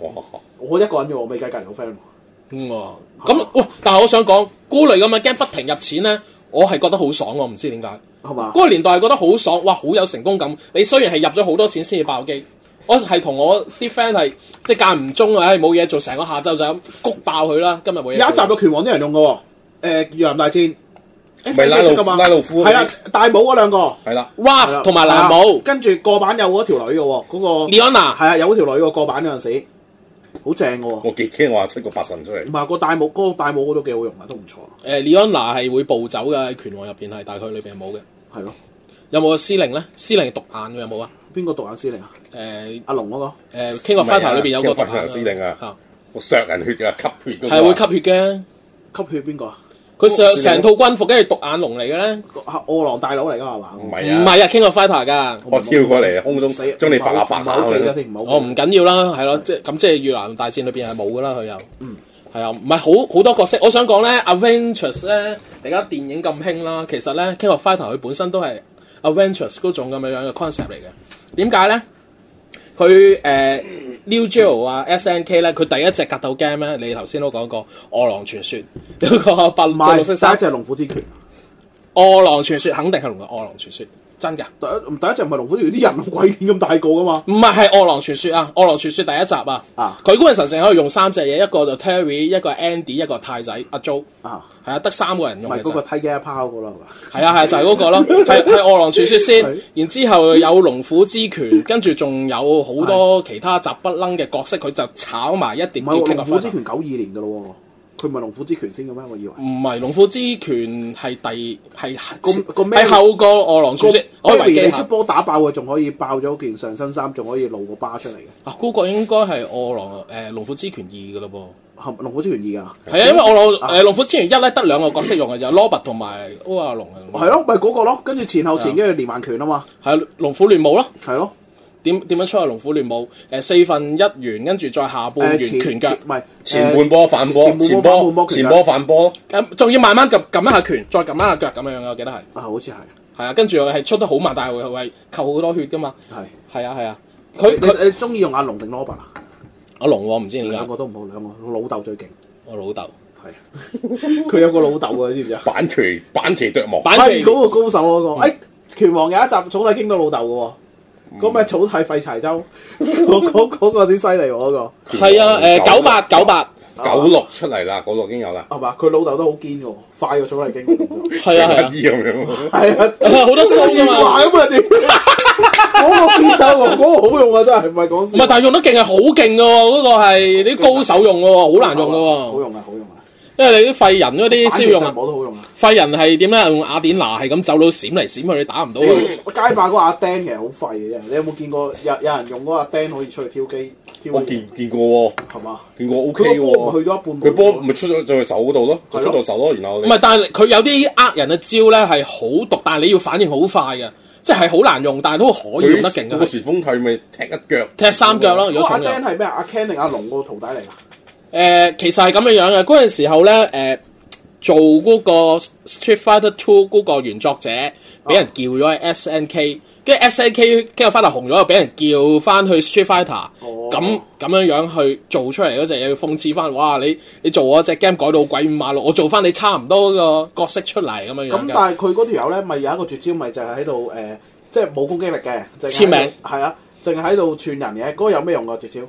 C: 哇！我一個人嘅，我未計隔籬 friend。哇！
A: 咁，哇，但係我想講，孤類咁樣驚不停入錢咧，我係覺得好爽，我唔知點解係嘛。嗰、那個年代係覺得好爽，哇，好有成功感。你雖然係入咗好多錢先至爆機，我係同我啲 friend 係即係間唔中啊，冇嘢做，成個下晝就咁谷爆佢啦。今日冇。有一集
C: 嘅拳王啲人用嘅，誒越南大戰。
A: 未啦，拉路
C: 夫係啦，戴帽嗰兩個係
B: 啦 r a f 同埋藍帽，
C: 跟住個板有嗰條女嘅，嗰、那個 l e o n a 係啊，有嗰條女個個板有陣時，好正喎。我驚我話出個八神出嚟，唔係、那個戴帽嗰、那個戴帽嗰都幾好用啊，都唔錯。
A: 誒、呃、l e o n a 係會暴走嘅，拳王入邊係，大概佢裏邊冇嘅。
B: 係咯，
A: 有冇司令咧？司令獨眼嘅有冇啊？邊、呃那個獨眼司令啊？誒，阿龍嗰個，誒，King of Fighter 裏邊有個獨眼司
B: 令啊，我削人血就吸血都係會吸
A: 血嘅，吸血邊個啊？佢上成套軍服，跟住獨眼龍嚟嘅咧，餓狼大佬嚟噶係嘛？唔係啊，啊 King of Fighter 噶，我跳過嚟啊，啊，啊、OK OK、啊，空中將你發下發下我唔緊要啦，係咯，即係咁即係越南大戰裏面係冇噶啦，佢又嗯係啊，唔、嗯、係、嗯、好好，好多角色。我想講咧，Avengers 咧，而家電影咁興啦，其實咧 King of Fighter 佢本身都係 Avengers 嗰種咁樣嘅 concept 嚟嘅。點解咧？佢誒 Neo Geo 啊 S N K 咧，佢、呃、第一隻格鬥 game 咧，你頭先都講過《餓狼傳說》嗰個白
C: 馬六衫，第一隻《龍虎之拳。
A: 「餓狼傳說》肯定係龍，《餓狼傳說》真㗎。第一第一隻唔係龍虎之拳，啲人鬼片咁大個噶嘛？唔係，係《餓狼傳說》啊，《餓狼傳說、啊》傳說第一集啊。啊！佢嗰個神聖可以用三隻嘢，一個就 Terry，一個 Andy，一個太仔阿、啊、Jo。啊！係啊，得三個人用。唔係嗰個睇嘅一炮個咯，係咪？係啊係，就係嗰個咯，係係《餓狼傳說》先，然之後有《龍虎之拳》，跟住仲有好多其他雜不楞嘅角色，佢就炒埋一點啲。唔係《龍虎之拳》九二年噶咯，佢唔係《龍虎之拳》先嘅咩？我以為唔係《龍虎之拳》係第係個咩？係後個《餓狼傳說》，我以為你出波
C: 打爆佢，仲可以爆咗件上身衫，仲可以露個
A: 疤出嚟嘅。啊，嗰個應該係《餓狼》誒，《龍虎之拳》二噶咯噃。龍虎之拳二噶，係啊，因為我攞誒、啊呃、龍虎之拳一咧得兩個角色用嘅、啊哦，就羅拔同埋哦阿龍啊。係咯，咪嗰個咯，跟住前後前跟住連環拳啊嘛。係龍虎亂舞咯。係咯，點點樣，樣出去龍虎亂舞誒四分一圓，跟住再下半圓、呃、拳腳，唔係前，前，前半波反波，前波前波反波，咁仲要慢慢撳撳一下拳，再撳一下腳咁樣樣，我記得係。啊，好似係。係啊，跟住佢係出得好慢，但係佢係扣好多血噶嘛。係。係啊，係啊。佢你你中意用阿龍定羅拔啊？阿龍唔知你兩個都唔好，兩個老豆最勁。我老
C: 豆係佢有個老豆你知唔知啊？板拳板拳奪王係嗰個高手嗰、那個、嗯。哎，拳王有一集草薙京到老豆喎。嗰、嗯、咩、那個、草薙柴舟，嗰、 那個先犀利喎，嗰、那
B: 個係啊。誒、那個呃，九八九八九六出嚟
C: 啦，九六已經有啦。係嘛，佢老豆都好堅噶，快過草薙京係啊，阿二咁
B: 樣。係啊，好多蘇打啊
C: 嘛啲。嗰 個鬥王嗰、嗰個好用啊，真係唔係講笑。唔係，
A: 但係用得勁係好勁噶，嗰、嗰個係啲高手用噶，好難用噶。好用啊，好用啊！因為你啲廢人嗰啲先用都好用啊。廢人係點咧？用雅典娜係咁走到閃嚟閃去，你打唔到佢。街霸嗰個阿丁其實好廢
C: 嘅，啫。你有冇見過有有人用嗰個阿
A: 丁可以出去挑機？挑機我見
B: 見過，係嘛？見過 OK 佢波唔去一半，佢波咪出咗去手嗰度咯，就出到手咯。然後唔係，
A: 但係佢有啲呃人嘅招咧，係好毒，但係你要反應好快嘅。即係好難用，但係都可以用得勁嘅。個旋風腿咪踢一腳，踢三腳咯。如果阿釘
C: 係咩阿 Ken 定阿龍個徒弟嚟、
A: 呃、其實係咁嘅樣嘅嗰陣時候咧、呃，做嗰個 Street Fighter Two 嗰個原作者，俾、啊、人叫咗係 SNK。跟住 S A K 跟住花紅咗，又俾人叫翻去 Street Fighter，咁、oh. 咁樣樣去做出嚟嗰隻嘢，諷刺翻，哇！你你做我隻 game 改到鬼五馬六，我做翻你差唔多個角色出嚟咁樣樣咁，但係佢
C: 嗰條友咧，咪有一個絕招，咪就係喺度誒，即係冇攻擊力嘅就係簽名，係啊，淨係喺度串人嘅，嗰、個有咩用啊？絕招？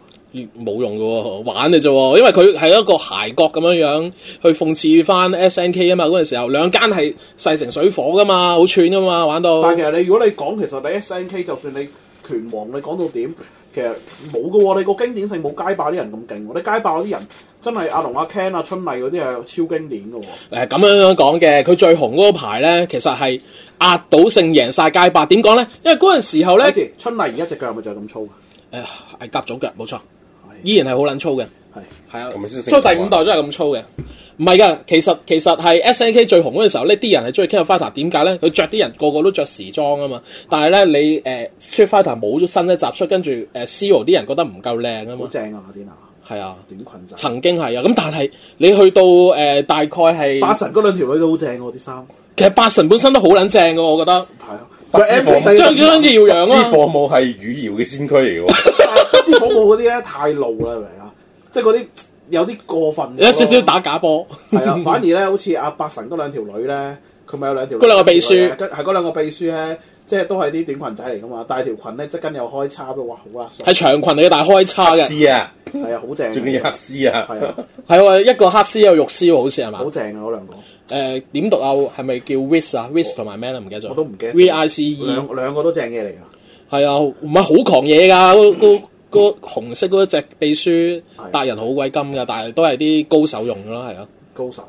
A: 冇用嘅喎，玩嘅啫喎，因為佢係一個諧角咁樣樣去諷刺翻 S N K 啊嘛，嗰陣時候兩間係勢成水火嘅嘛，好串嘅嘛，玩到。但係其
C: 實你如果你講其實你 S N K 就算你拳王你講到點，其實冇嘅喎，你個經典性冇街霸啲人咁勁喎，你街霸嗰啲人真係阿龍阿 Ken 阿、啊、春麗嗰啲係超經典嘅
A: 喎。誒咁樣樣講嘅，佢最紅嗰個牌咧，其實係壓倒性贏晒街霸，點講咧？因為嗰陣時候咧，春麗而家隻腳係咪就係咁粗啊？誒、呃、係夾咗腳，冇錯。依然係好撚粗嘅，係係啊，出第五代都係咁粗嘅，唔係噶，其實其實係 SNK 最紅嗰陣時候呢啲人係中意 Killer Fighter，點解咧？佢着啲人個個都着時裝啊嘛，嗯、但係咧你誒 Street Fighter 冇咗新呢，集、呃、出，跟住誒、呃、Zero 啲人覺得唔夠靚啊嘛，好正啊啲啊，係啊，短裙曾經係啊，咁、嗯、但係你去到誒、呃、大概係八神嗰兩條女都好正喎啲衫，其實八神本身都好撚正嘅我覺得，嗯不知火
B: 舞係乳搖嘅先驅嚟
C: 嘅喎，不知火舞嗰啲咧太露啦，明唔明啊？即係嗰啲有啲過分，有少少打假波。 係啦，反而咧好似阿八神嗰兩條女咧，佢咪有兩條嗰兩個秘書，係嗰兩個秘書咧，即係都係啲短裙仔嚟噶嘛，帶條裙咧，側跟又開叉哇，好啊！係長裙嚟嘅，但
A: 係開叉嘅。黒絲啊，係 啊，好正，仲要黑絲啊，係啊，係一個黑絲一個肉絲喎，好似係咪？好正啊，嗰 兩個。誒、呃、點讀啊？係咪叫 w i s 啊 w i s 同埋 Man 咧？唔記得咗。我都唔記得。V I C E 兩兩個都正嘢嚟㗎。係、嗯、啊，唔係好狂嘢㗎。嗰嗰嗰紅色嗰隻秘書、嗯、達人好鬼金㗎，但係都係啲高手用㗎啦，係啊。高手。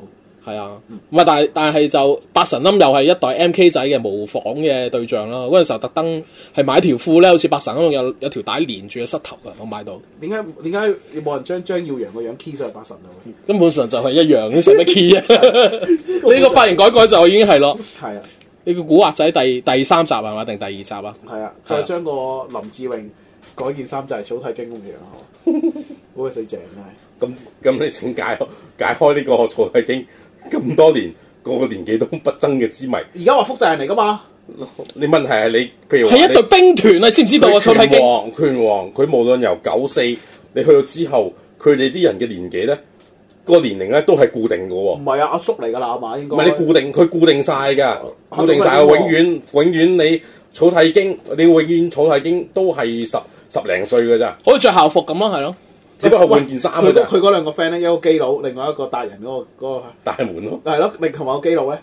A: 係啊，嗯、但係但係就八神庵又係一代 M K 仔嘅模仿嘅對象啦。嗰陣時候特登係買條褲咧，好似八神咁有有條帶連住嘅膝頭啊。我買到。
C: 點解點解冇人將張耀揚個樣 key 上八神啊？
A: 根本上就係一樣，你使乜 key 啊！呢個髮型改改,改就已經係咯。係 啊，呢個古惑仔第第三集係嘛？定第二集啊？係啊，再將
C: 個林志穎改件衫就係草薙京咁樣，好鬼死正
B: 啊！咁咁你請解解開呢個草薙京？咁多年，個個年紀都不爭嘅之謎。而家話複製人嚟噶嘛？你問題係你，譬如係一隊兵團啊，知唔知道啊？草太經，拳王，拳王，佢無論由九四，你去到之後，佢哋啲人嘅年紀咧，個年齡咧都係固定嘅喎。
C: 唔係啊，阿叔嚟噶啦，阿媽應該。唔係你固
B: 定，佢固定晒嘅，固定晒，永遠，永遠你草太經，你永遠草太經都係十十零歲嘅咋，好似着校服咁咯，係咯。只不過換件衫啫。佢佢嗰兩個 friend 咧，一個基佬，另外一個大人嗰個、嗰個。大門咯、啊。係咯，你同埋我基佬咧。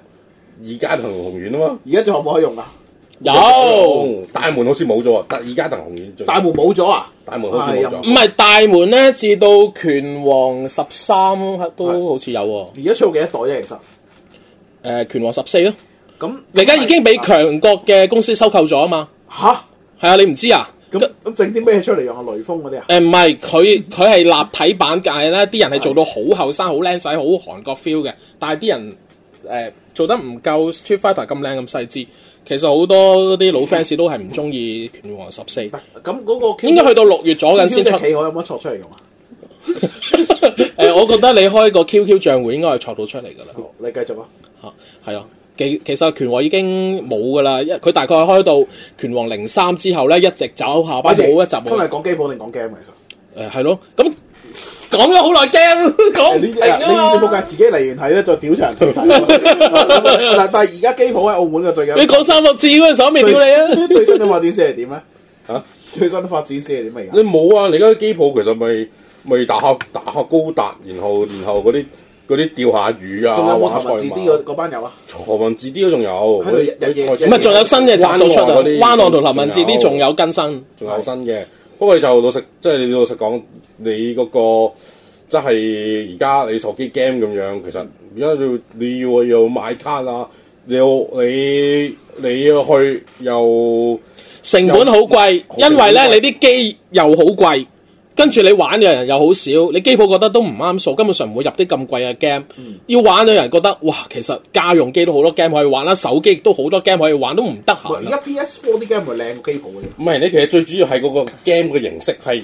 B: 而家同紅遠啊嘛。而家仲有冇可以用啊？有。大門好似冇咗，但而家同紅遠最。大門冇咗啊？大門好似冇咗。
A: 唔、哎、係、嗯、大門咧，至到拳王十三都好似有、啊。而家出到幾多袋啫？其實。誒、呃，拳王十四咯。咁而家已經俾強國嘅公司收購咗啊嘛。吓、啊？係啊，你唔知啊？咁咁整啲咩出嚟用
C: 雷峰嗰
A: 啲啊？唔、呃、係，佢佢係立體版界咧，啲人係做到好後生、好靚仔、好韓國 feel 嘅。但係啲人、呃、做得唔夠 Street Fighter 咁靚咁細緻，其實好多啲老 fans 都係唔中意拳王十四。咁 嗰 個 QQ，應該去到六月左緊先出，企
C: 好有冇錯出嚟用 、
A: 呃？我覺得你開個 QQ 賬戶應該係錯到出嚟噶啦。你繼續啊。其其實拳皇已經冇噶啦，一佢大概開到拳皇零三之後咧，一直走下班沒，班就冇一集冇。今日講
C: 機舖定講 game 啊，其
A: 實誒係咯，咁講咗
C: 好耐 game，講你你節目自己嚟完睇咧，再屌 場去但係而家機舖喺澳門嘅最近，你講三個字嗰陣時未屌你啊！最新嘅發展先係點咧？吓、啊，
B: 最新嘅發展先係點嚟噶？你冇啊！而家機舖其實咪咪打殼打殼高達，然後然後嗰啲。嗰啲釣下魚啊，仲有頭文字 D 嗰
C: 班
B: 友啊？頭文字 D 都仲有，喺度唔係仲有新嘅集數出啊？灣岸同頭文字 D 仲有更新，仲有新嘅。不過就老實，即係你老實講，你嗰、嗰個即係而家你手機 game 咁樣，其實而家要你要又買卡啊，又你你去又成本好貴，因為咧你啲機又好
A: 貴。跟住你玩嘅人又好少，你機鋪覺得都唔啱數，根本上唔會入啲咁貴嘅 game。嗯。要玩嘅人覺得，哇，其實家用機都好多 game 可以玩啦，手機亦都好多 game 可以玩，
B: 都唔得閒啦。而家
C: PS Four 啲 game 咪靚過機鋪
B: 嘅。唔係，你其實最主要係嗰個 game 嘅形式係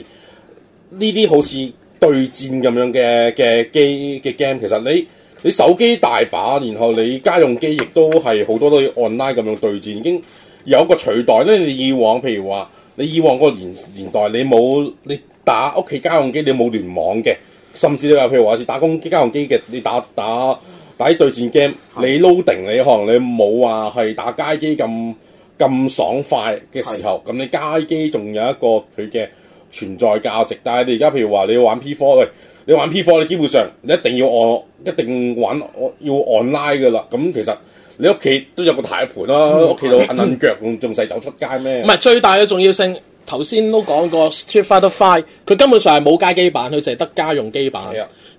B: 呢啲好似對戰咁樣嘅嘅機嘅 game。其實你你手機大把，然後你家用機亦都係好多都要 online 咁樣對戰，已經有個取代咧。你以往譬如話。你以往嗰個年年代你冇，你冇你打屋企家用機，你冇聯網嘅，甚至你話譬如話係打公機家用機嘅，你打打打一對戰 game，你 loading 你可能你冇話係打街機咁咁爽快嘅時候，咁你街機仲有一個佢嘅存在價值。但係你而家譬如話你要玩 P4，喂，你玩 P4 你基本上你一定要按，一定揾我要按拉㗎喇。咁其實。你屋企都有個大盤啦、啊，屋企都揼揼腳，仲、嗯、使走出街咩？唔係
A: 最大嘅重要性。頭先都講過，Street Fighter V，佢根本上係冇街機版，佢淨係得家用機版。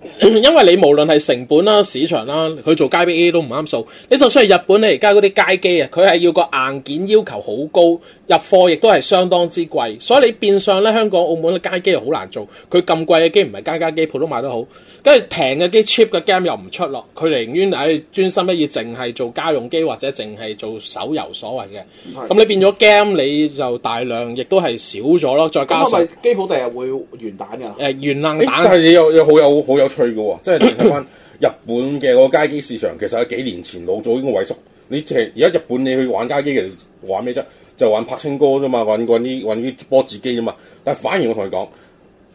A: 因為你無論係成本啦、啊、市場啦、啊，佢做街機，機都唔啱數。你就算係日本，你而家嗰啲街機啊，佢係要個硬件要求好高，入貨亦都係相當之貴。所以你變相咧，香港、澳門嘅街機又好難做。佢咁貴嘅機唔係家家機鋪都賣得好，跟住平嘅機 cheap 嘅 game 又唔出咯。佢寧願唉、哎、專心一意淨係做家用機或者淨係做手遊所謂嘅。咁你變咗 game 你就大量，亦都係少咗咯。再加上係
C: 咪機鋪第日會完蛋㗎。
B: 誒完硬蛋你又好有好有。有有有有脆嘅 即係你睇翻日本嘅嗰個街機市場，其實喺幾年前老早已經萎縮。你淨係而家日本你去玩街機，嘅，其實玩咩啫？就玩柏青哥啫嘛，玩嗰啲玩啲波子機啫嘛。但係反而我同你講，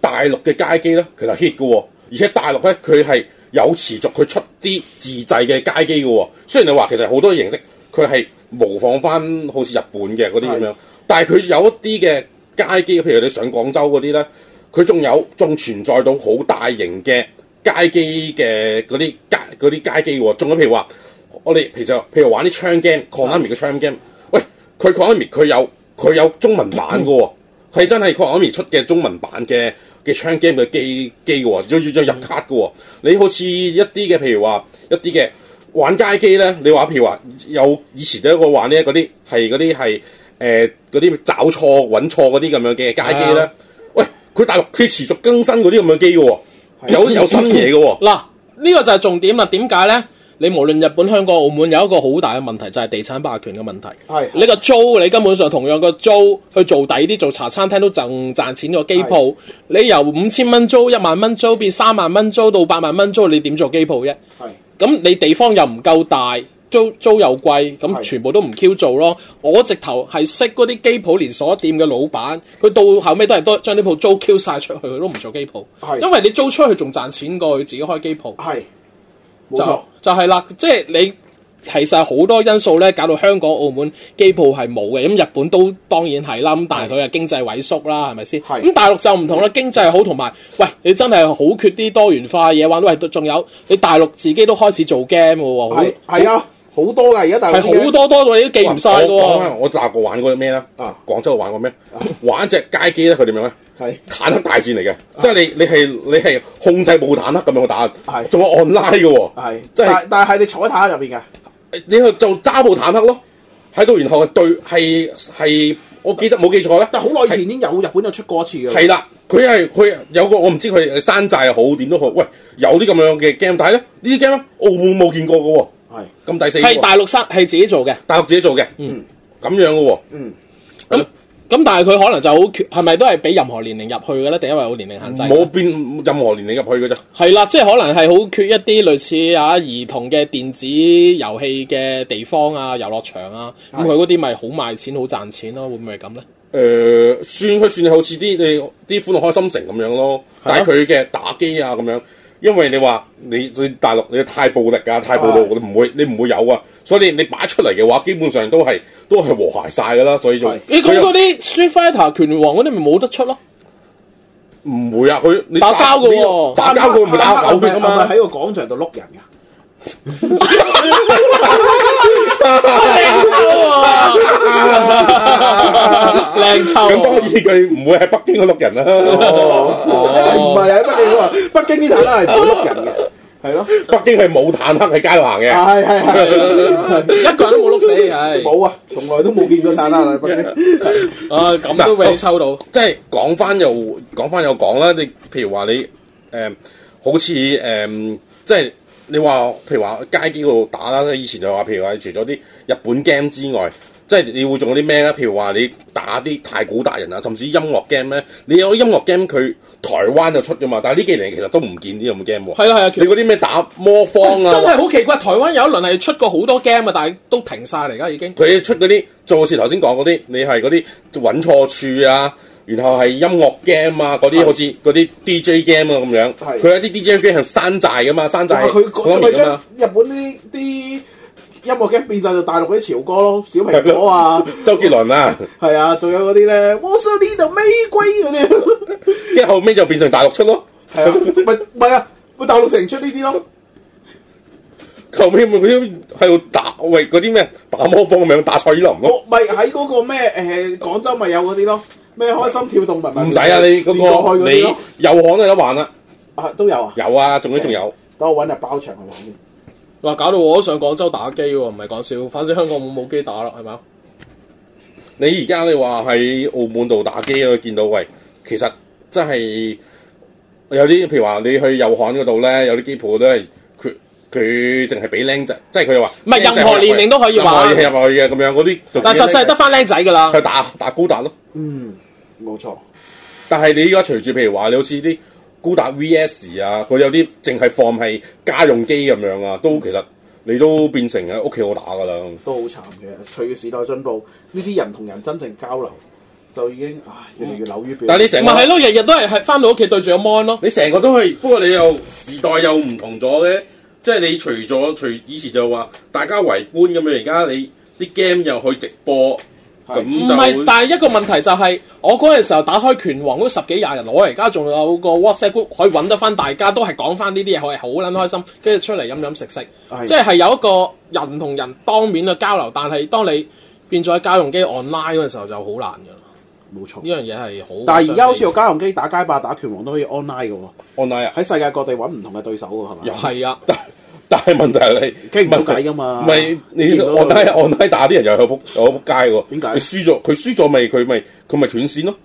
B: 大陸嘅街機咧其實 hit 嘅，而且大陸咧佢係有持續佢出啲自製嘅街機嘅。雖然你話其實好多形式佢係模仿翻好似日本嘅嗰啲咁樣，但係佢有一啲嘅街機，譬如你上廣州嗰啲咧，佢仲有仲存在到好大型嘅。街機嘅嗰啲街嗰啲街機喎、哦，仲有譬如話，我哋譬如就譬如玩啲槍 game，Konami 嘅槍 game，喂，佢 Konami 佢有佢有中文版嘅、哦，佢真係 Konami 出嘅中文版嘅嘅槍 game 嘅機機嘅，要要入卡嘅、哦，你好似一啲嘅譬如話一啲嘅玩街機咧，你話譬如話有以前一個玩咧嗰啲係嗰啲係誒嗰啲找錯揾錯嗰啲咁樣嘅街機咧、啊，喂，佢大陸佢持續更新嗰啲咁嘅機嘅。 有有新嘢嘅喎，嗱 呢個就係重
A: 點啦。點解呢？你無論日本、香港、澳門，有一個好大嘅問題，就係、係、地產霸權嘅問題。係你呢個租你根本上同樣個租去做底啲做茶餐廳都掙賺，賺錢個機舖。你由五千蚊租一萬蚊租變三萬蚊租到八萬蚊租，你點做機舖啫？係，咁你地方又唔夠大。租租又貴，咁全部都唔 Q 做咯。我直頭係識嗰啲機鋪連鎖店嘅老闆，佢到後尾都係都將啲鋪租 Q 晒出去，佢都唔做機鋪。因為你租出去仲賺錢過佢自己開機鋪。
B: 係，
A: 就係啦、就是，即係你其實好多因素咧，搞到香港、澳門機鋪係冇嘅。咁日本都當然係啦，咁但係佢係經濟萎縮啦，係咪先？咁大陸就唔同啦，經濟好同埋，喂，你真係好缺啲多元化嘢玩。都喂，仲有你大陸
B: 自己都開始做 game
A: 喎，係係啊。
C: 好多噶而家但係，係好多
B: 多嘅，你都記唔晒。我講我就個玩過咩啦？啊，廣州玩過咩？ 玩隻街機咧，佢點樣咧？係 坦克大戰嚟嘅，即係你你係你係控制步坦克咁樣打。係仲有按拉嘅。係，即、就、係、是。但但係你坐喺坦克入邊嘅？你去做揸步坦克咯，喺度然後對係系，我記得冇記錯啦，但好耐以前已經有日本就出過一次嘅。係啦，佢係佢有個我唔知佢山寨又好點都好，喂，有啲咁樣嘅 game 睇咧，但呢啲 game 澳門冇見過嘅。係咁第四係大陸生係自己做嘅，大陸自己做嘅，嗯，咁樣嘅喎、哦，嗯，咁、
A: 嗯、咁但係佢可能就好缺，係咪都係俾任何年齡入去嘅咧？定因為有年齡限制？冇
B: 變，冇任何年齡入去嘅啫。
A: 係啦，即、就、係、是、可能係好缺一啲類似啊兒童嘅電子遊戲嘅地方啊，遊樂場啊，咁佢嗰啲咪好賣錢，好賺錢咯、啊？會唔會係咁咧？
B: 誒、呃，算佢算係好似啲你啲歡樂開心城咁樣咯，是的但係佢嘅打機啊咁樣。因為你話你，你大陸你太暴力噶，太暴怒，你唔會你唔會有啊，所以你擺出嚟嘅話，基本上都係都係和諧晒噶啦，所以就，他就你講
A: 嗰啲 Street Fighter 拳皇嗰啲咪冇得出咯，
B: 唔會啊，佢打交噶喎，打交佢唔會打狗片啊嘛佢喺、啊、個廣場度碌人噶。靚醜啊！靚醜咁當然佢唔會係北京嗰碌人啦。哦，唔係
C: 啊，北京話，北京啲坦克係冇碌人嘅，係咯，
B: 北京係冇坦克喺街行嘅，係係係，一個人都冇碌死，係冇啊，從來都冇見過坦克喺北京。啊，咁啊，都未抽到。即係講翻又講翻又講啦，你譬如話你誒，好似誒，即係。你話譬如話街機嗰度打啦，以前就話譬如話除咗啲日本 game 之外，即係你會做啲咩咧？譬如話你打啲太古達人啊，甚至音樂 game 咧，你有音樂 game 佢台灣就出噶嘛。但呢幾年其實都唔見啲咁嘅 game 喎。係啊係啊，你嗰啲咩打魔方啊，真係
A: 好奇怪。台灣有一輪係出過好多 game 啊，但係都停晒嚟㗎，已經。
B: 佢出嗰啲就好似頭先講嗰啲，你係嗰啲揾錯處啊。然後係音樂 game 啊，嗰啲、嗯、好似嗰啲 DJ game 啊咁樣，佢有啲 DJ game 係山寨噶嘛，山寨，佢嗰個
C: 日本啲啲音樂 game 變晒就大陸啲潮歌咯，小蘋果啊，啊，周杰倫啊，係 啊，仲有嗰啲咧，What's on t 呢？玫瑰啲，跟
B: 住後尾就變成大陸出咯，係咪？係 啊，咪大陸成出呢啲咯。後尾咪佢喺度打喂嗰啲咩打魔方咁樣打蔡依林、啊哦
C: 不在那呃、那咯，咪喺嗰個咩誒廣州咪有嗰啲咯。咩開心跳動物咪唔使啊！你嗰個
B: 你遊行都有得玩啦，啊都有啊，有啊，仲有仲有，等我搵日包場去玩
A: 先、啊。搞到我都上廣州打機喎，唔係講笑，反正香港冇冇機打啦，係咪？
B: 你而家你話喺澳門度打機，見到喂，其實真係有啲，譬如話你去遊行嗰度咧，有啲機鋪都係佢佢淨係俾僆仔，即係佢話唔係任何年齡都可以玩入去嘅咁樣，嗰啲但實際係得
A: 翻僆仔噶啦，
B: 佢打打高達咯，嗯。冇錯，但係你依家隨住，譬如話你好似啲高達 V S 啊，佢有啲淨係放係家用機咁樣啊，都其實你都變成喺屋企好打噶啦，都好慘嘅。隨住時代進步，呢啲人同人真正交流就已經啊越嚟越流於表面。但係你成日咪係咯，日，就係咯，日日都係係翻到屋企對住 mon 咯，你成個都係。不過你又時代又唔同咗嘅，即係你除咗隨以前就話大家圍觀咁樣，而家你啲 game 又去直播。唔係，但係
A: 一個問題就係、是，我嗰陣時候打開拳王都十幾廿人，我而家仲有個 WhatsApp group 可以揾得翻，大家都係講翻呢啲嘢，可係好撚開心，跟住出嚟飲飲食食，即係係有一個人同人當面嘅交流，但係當你變咗家用機 online 嗰陣時候就好難㗎啦。冇錯，呢樣嘢係好。但係而家好似用
C: 家用機打街霸、打拳王都可以 online 㗎喎，online 喺、啊、世界各地揾唔同嘅對手㗎，係咪？又係
A: 啊。
B: 但係問題係你傾唔到偈㗎嘛？咪你 online online 打啲人又去鋪又去街喎？點解？你輸咗佢輸咗咪佢咪佢咪斷線
A: 咯？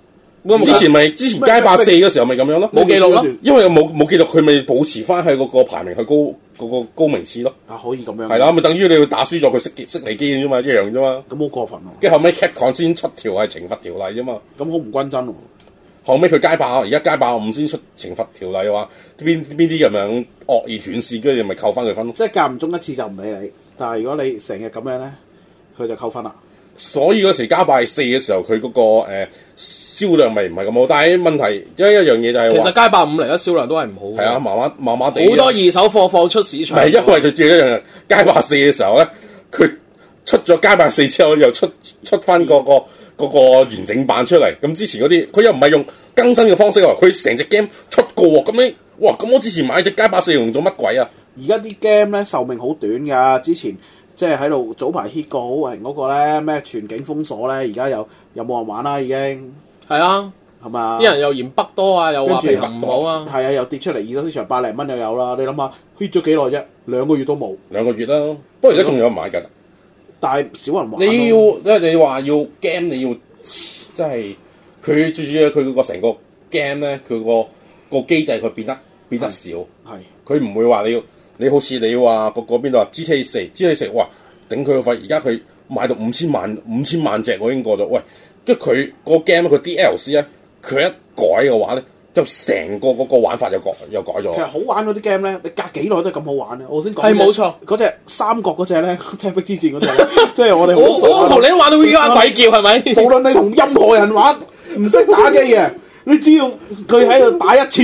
A: 之前咪之前街霸四嗰時候咪
B: 咁樣咯？冇記錄咯？因為冇冇記錄佢咪保持翻喺嗰個排名係高嗰、嗰個、高名次咯。啊，可以咁樣。係啦，咪等於你打輸咗佢識跌識嚟機啫嘛，一樣啫嘛。咁好過分喎，啊！跟後尾 Capcom 先出條係懲罰條例啫嘛。咁好唔均真，啊後尾佢街霸，而家街霸五先出懲罰條例話，邊邊啲咁樣惡意斷線，跟住咪扣翻佢分咯。即係間唔中一次就唔理你，但係如果你成日咁樣咧，佢就扣分啦。所以嗰時街霸四嘅時候，佢嗰、個誒、呃、銷量咪唔係咁好。但係問題，因為一樣嘢就係其實街霸五嚟，嘅銷量都係唔好。係啊，慢慢慢慢地好多
A: 二手貨放出市場。係因為
B: 最住一樣，街霸四嘅時候咧，佢出咗街霸四之後，又出出翻個、個。嗯嗰、那個完整版出嚟，咁之前嗰啲佢又唔係用更新嘅方式喎，佢成隻 game 出過，咁你哇，咁我之前買隻街霸四用做乜鬼啊？而家啲
C: game 咧壽命好短㗎，之前即係喺度早排 hit 過好型嗰個咧咩全境封鎖咧，而家又又冇人玩啦、啊、已經。係啊，係嘛？啲人
A: 又嫌北多啊，又話平衡唔好啊，
C: 係啊，又跌出嚟二手市場百零蚊又有啦。你諗下 hit 咗幾耐啫？
B: 兩個月都冇。兩個月啦、啊，不過而家仲有人買緊。但係少人玩。你要因為你話要 game，你要即係佢最主要佢嗰個成個 game 咧，佢個個機制佢變得變得少。係佢唔會話你要你好似你話個邊度啊？GTA 四，GTA 四哇，頂佢個肺，而家佢賣到五千萬，五千萬隻我已經過咗。喂，即係佢個 game 佢 DLC 咧，佢一改嘅話咧。就成個嗰個玩法又改又改咗。其實好
C: 玩嗰啲 game 咧，你隔幾耐都係咁好玩啊！我先講。係冇錯，嗰隻三國嗰隻咧，赤壁之戰嗰隻，
B: 即係我哋。我我同你都玩到依
C: 家鬼叫係咪？ 無論你同任何人玩，唔 識打機嘅， 你只要佢喺度打一次，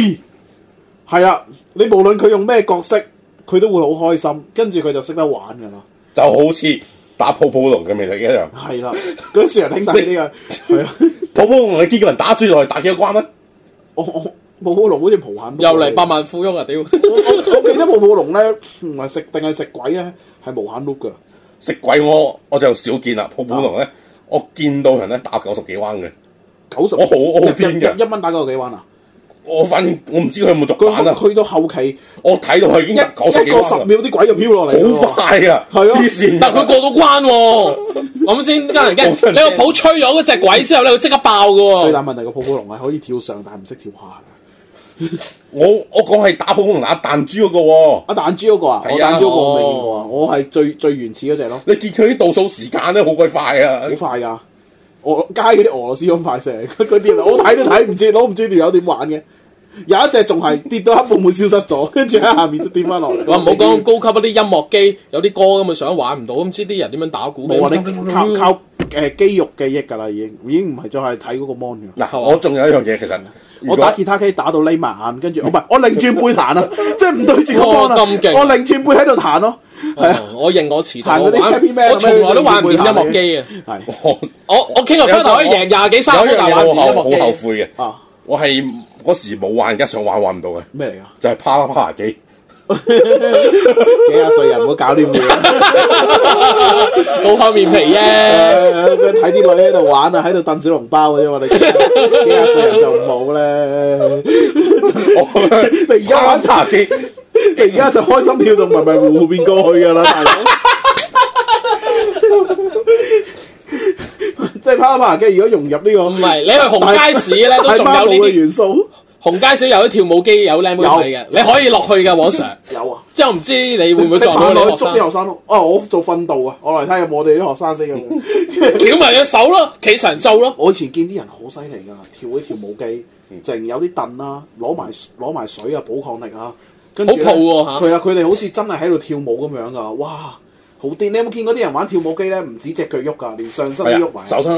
C: 係 啊。你無論佢用咩角色，佢都會好開心，跟住佢就識得玩噶啦。
B: 就好似打泡泡龍嘅魅力一樣。係 啦、啊，嗰啲雪人兄弟呢個係啊，泡泡龍你機器人打落去，打幾多關啊？哦、我我暴暴龍好似蒲限又嚟百
C: 萬富翁啊！屌， 我我記得暴暴龍咧唔係
B: 食定係食鬼咧，係無限碌噶。食鬼我我就少見啦，暴暴龍咧、啊、我見到人咧打九十幾彎嘅，九十我好我好癲嘅，一蚊打九十幾彎啊！
C: 我反正我唔知佢有冇續版啦。佢
B: 到後期，我睇到佢已經90一一個十秒
C: 啲
A: 鬼就飄落嚟、啊，好快啊！黐線、啊啊。但佢過到關喎、啊。咁 先，得人驚你個蒲吹咗嗰隻鬼之後咧，佢即刻爆嘅喎、啊。最大
C: 問題個泡泡龍係可以跳上， 但係唔識跳下 我。
B: 我我講係打泡泡龍打彈珠嗰個喎。彈珠嗰個啊？彈珠嗰個、啊啊、我未、哦、見過啊！我係最最原始嗰隻咯。你見佢啲倒數時間咧，好鬼快啊！好
C: 快㗎、啊！俄街嗰啲俄羅斯方塊蛇，佢佢啲我睇都睇唔知，攞唔知條友點玩嘅。有一隻仲係跌到一布滿消失咗，跟住喺下面都跌返落嚟。我唔好講高
A: 級嗰啲音樂機，有啲歌咁咪想玩唔到，唔知啲人點樣打鼓。我話你、嗯、靠靠、靠、
C: 呃、肌肉記憶㗎啦，已經唔係再係睇嗰個 mon 嘅。我仲有一樣嘢其實，
A: 我打吉
C: 他 k e 打到眯埋眼，跟住唔係我靈轉背彈啊， 即係唔對住個 mon 啊，哦、我靈轉背喺度彈咯、
A: 啊哦啊。我認我前彈嗰啲 happy man 去背我從來都玩唔掂音樂機，音樂機
B: 我 我傾個 final 可以贏廿幾三個個，我好後悔嘅。我係嗰時冇玩，而家想玩玩唔到嘅。咩嚟噶？就係趴趴機， 幾廿歲人唔好搞呢啲，冇翻面皮啫。
C: 睇，呃、啲女喺度玩啊，喺度燉小籠包嘅啫，我哋幾廿歲 人就唔好咧。 你而家玩塔機，而家 就開心跳到迷迷糊糊變過去噶啦，大佬。即係趴趴機，如果融入呢、呢個唔係你去紅街市咧，都仲有你嘅元素。
A: 紅街市有啲跳舞機，有靚妹睇嘅，你可以落去噶。黃 Sir，有啊，即係我唔知你會唔會撞到啲學，學
C: 生？啊，我做訓導啊，我嚟睇下我哋啲學生先嘅，翹埋隻手咯，企神做咯。我以前見啲人好犀利噶，跳起跳舞機，淨 有啲凳啦，攞埋攞埋水啊，補抗力啊，跟住好抱吓。佢啊，佢哋好似真係喺度跳舞咁樣噶，哇！好癲！你有冇見嗰啲人玩跳舞機咧？唔止隻腳喐噶，連上身都喐埋。手身，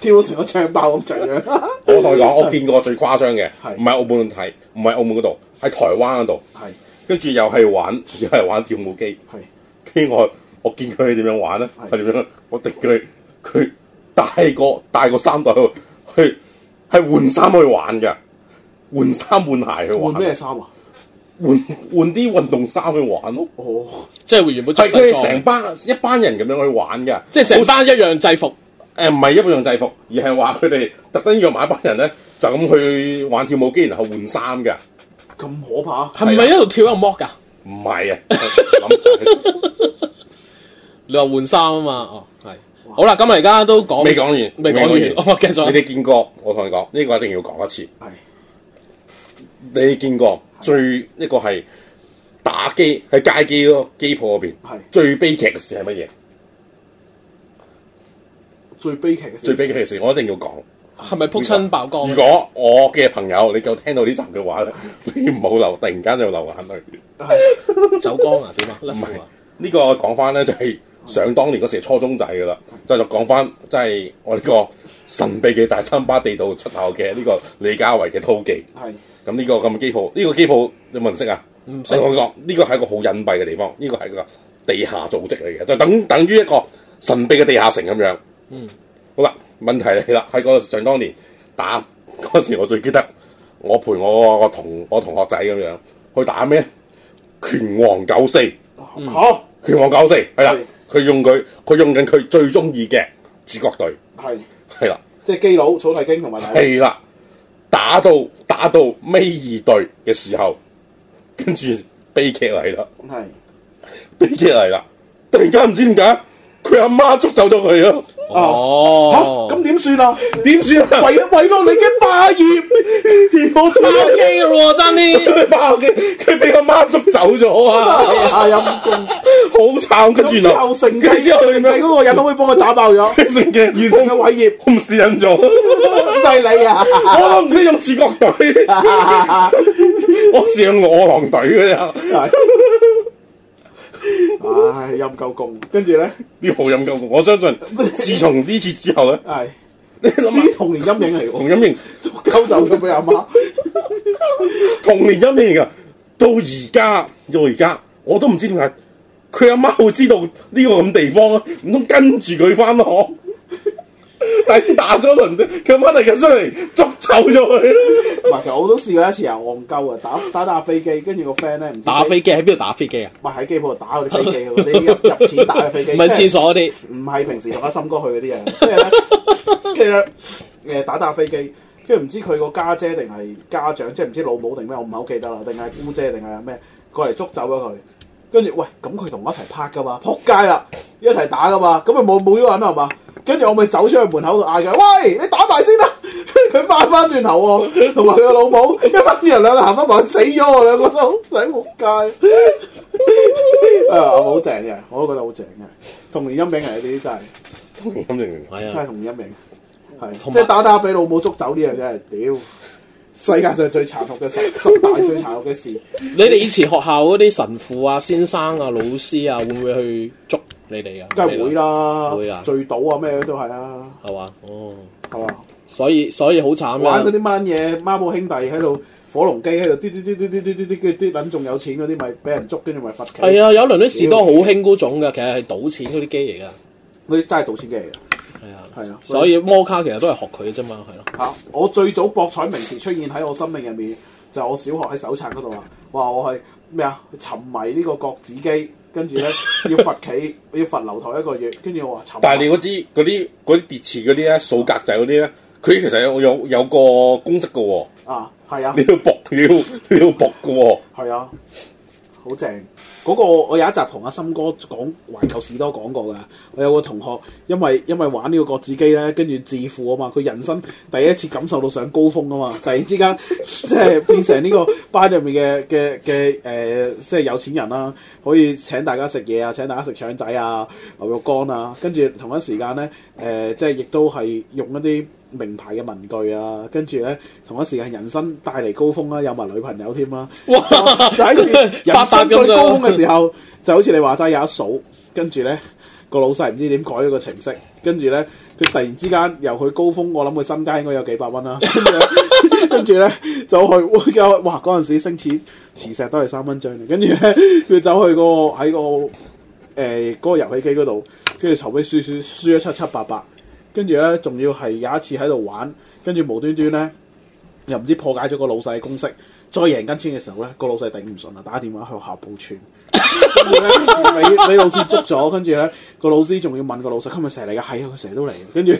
C: 跳成個槍爆咁滯樣。 我同你講，我見
B: 過最誇張嘅，唔係澳門睇，唔係澳門嗰度，喺台灣嗰度。係。跟住又係玩，又係玩跳舞機。係。之外，我見佢點樣玩咧？點樣？我定佢？佢大個大個三代去去係換衫去玩㗎！換衫換鞋去玩。換咩衫啊？換換啲運動衫去玩咯。哦，即係會原本，佢哋成班一班人咁樣去玩噶，即係成班一樣制服。誒，呃、唔係一樣制服，而係話佢哋特登約埋一班人咧，就咁去玩跳舞機，然後換衫噶。
A: 咁可怕，係唔係一路跳一路剝噶？
B: 唔係啊，你話換衫啊嘛？哦，係好啦，今日而家都講未講完，未講完，哦、繼續。你哋見過，我同你講呢個一定要講一次。係，你見過。最一個係打機，喺街機咯，機鋪嗰邊。係最悲劇嘅事係乜嘢？
A: 最悲劇。最悲劇嘅
B: 事，事，我一定要講。
A: 係咪撲親爆缸？如果
B: 我嘅朋友，你夠聽到呢集嘅話咧， 你唔好流，突然間就流眼淚。係、
A: 啊、走光
B: 啊？點 啊？唔係呢個講翻咧，就係上當年嗰時初中仔噶啦，就係講翻，即係我哋個神秘嘅大三巴地道出口嘅呢個李家維嘅偷記。係。咁呢個咁嘅機鋪，呢個機鋪有冇人識啊？唔識我講呢、這個係一個好隱蔽嘅地方，呢、這個係一個地下組織嚟嘅，就等等於一個神秘嘅地下城咁樣。嗯，好啦，問題嚟啦，喺個上當年打嗰時，我最記得 我陪我個同我同學仔咁樣去打咩？拳王九四、嗯，好拳王九四係啦，佢用佢佢用緊佢最中意嘅主角隊，係係啦，即
C: 係、就是、基佬草薙京同埋大係
B: 啦。打到打到尾二隊嘅時候，跟住悲劇嚟啦！係悲劇嚟啦！突然間唔知點解，佢阿媽捉走咗佢咯。哦，咁點算啊？點算 為為為媽媽啊？咗毀落你嘅霸業，我爆機咯，真啲爆機，俾個媽捉走咗啊！好陰功，好慘！之後成，之後你嗰個人都可以幫我打爆咗成完成嘅霸業，我唔試忍咗， 就你啊！我都唔識用主角隊， 我上餓狼隊嘅就。
C: 唉、 哎，陰鳩共，
B: 跟住咧，啲好陰鳩共。我相信， 自從呢次之後咧，係 你諗下童年陰影嚟，童 年陰影，勾走咗俾阿媽。童年陰影嚟噶，到而家到而家，我都唔知點解佢阿媽會知道呢個咁地方咯，唔通跟住佢翻學？ 打了輪突打咗一輪，佢搵嚟嘅出嚟捉走咗佢。唔係，
C: 其實我都試過一次又戇鳩啊！打打打飛機，跟住個 friend 咧唔知打飛
A: 機喺邊度打飛機啊？
C: 唔係喺機鋪度打嗰啲飛機， 你入入錢打嘅飛機唔係廁所啲，唔係平時同阿心哥去嗰啲啊。跟住咧，其實誒打、， 嗯、打打飛機，跟住唔知佢個家姐定係家長，即係唔知老母定咩，我唔係好記得啦。定係姑姐定係咩過嚟捉走咗佢。跟住喂，咁佢同我一齊拍噶嘛？撲街啦！一齊打噶嘛？咁咪冇冇咗人啦嘛？是吧？跟住我咪走出去門口度嗌佢：「喂！你打埋先啦！佢翻翻轉頭喎，同埋佢個老母： 「一忽二人行翻埋，死咗喎，兩個都死仆街。啊，好正嘅，我都覺得好正嘅。童年陰影係呢啲真係童
B: 年陰影，係啊，真
C: 係童年陰影。係即係打打俾老母捉走呢樣真係屌！ 世界上最殘酷嘅事，十大最殘酷嘅事。你哋以
A: 前學校嗰啲神父啊、先生啊、老師啊，會唔會去捉？你哋啊，梗係會啦，會啊，聚賭啊咩都係啦、啊！係嘛，哦，係嘛，所以所以好慘啊！玩嗰啲
C: 乜嘢孖寶兄弟
A: 喺度，火龍
C: 機喺度，啲啲啲啲啲啲啲啲仲有錢嗰啲咪俾人捉，跟住咪罰企。係啊，有一輪啲士多好興
A: 嗰種噶，其實係賭錢嗰啲機嚟噶，啲真係賭錢機嚟噶。係啊，係啊，所以摩卡其實都係學佢啫嘛，係咯、啊。吓、
C: 啊，我最早博彩名詞出現喺我生命入面，就係、我小學喺手冊嗰度啦，話我係咩啊？沉迷呢個角子機。 跟住咧要罰企，要罰樓頭一個月。跟住我話，但係你嗰
B: 啲嗰啲嗰啲疊詞嗰啲咧，數格仔嗰啲咧，佢，啊、其實有有有個公式噶喎。啊，係啊，你要博，你要你要博噶喎。
C: 係 啊，好正。嗰、那個我，我有一集同阿森哥講環球士多講過噶，我有個同學因為因為玩個呢個國子機咧，跟住致富啊嘛，佢人生第一次感受到上高峰啊嘛，突然之間即係、就是、變成呢個班入面嘅嘅嘅誒，即係、呃就是、有錢人啦、啊，可以請大家食嘢啊，請大家食腸仔啊，牛肉乾啊，跟住同一時間咧誒、呃，即係亦都係用一啲。名牌嘅文具啊，跟住咧，同一時間人生帶嚟高峰啦、啊，有埋女朋友添、啊、啦，就喺人生最高峰嘅時候，就好似你話齋有一數，跟住咧個老細唔知點改咗個程式，跟住咧佢突然之間由佢高峰，我諗佢身家應該有幾百蚊啦、啊，跟住呢， 呢，就咧走去，哇！嗰陣時升錢，磁石都係三蚊張，跟住咧佢走去個喺個誒嗰個遊戲機嗰度，跟住頭先輸輸輸咗七七八八。跟住咧，仲要係有一次喺度玩，跟住無端端咧，又唔知破解咗個老細嘅公式，再贏緊錢嘅時候咧，那個老細頂唔順啦，打電話去學校報串。俾 俾老師捉咗，跟住咧個老師仲要問個老師：今日成日嚟㗎？係啊，佢成日都嚟。跟住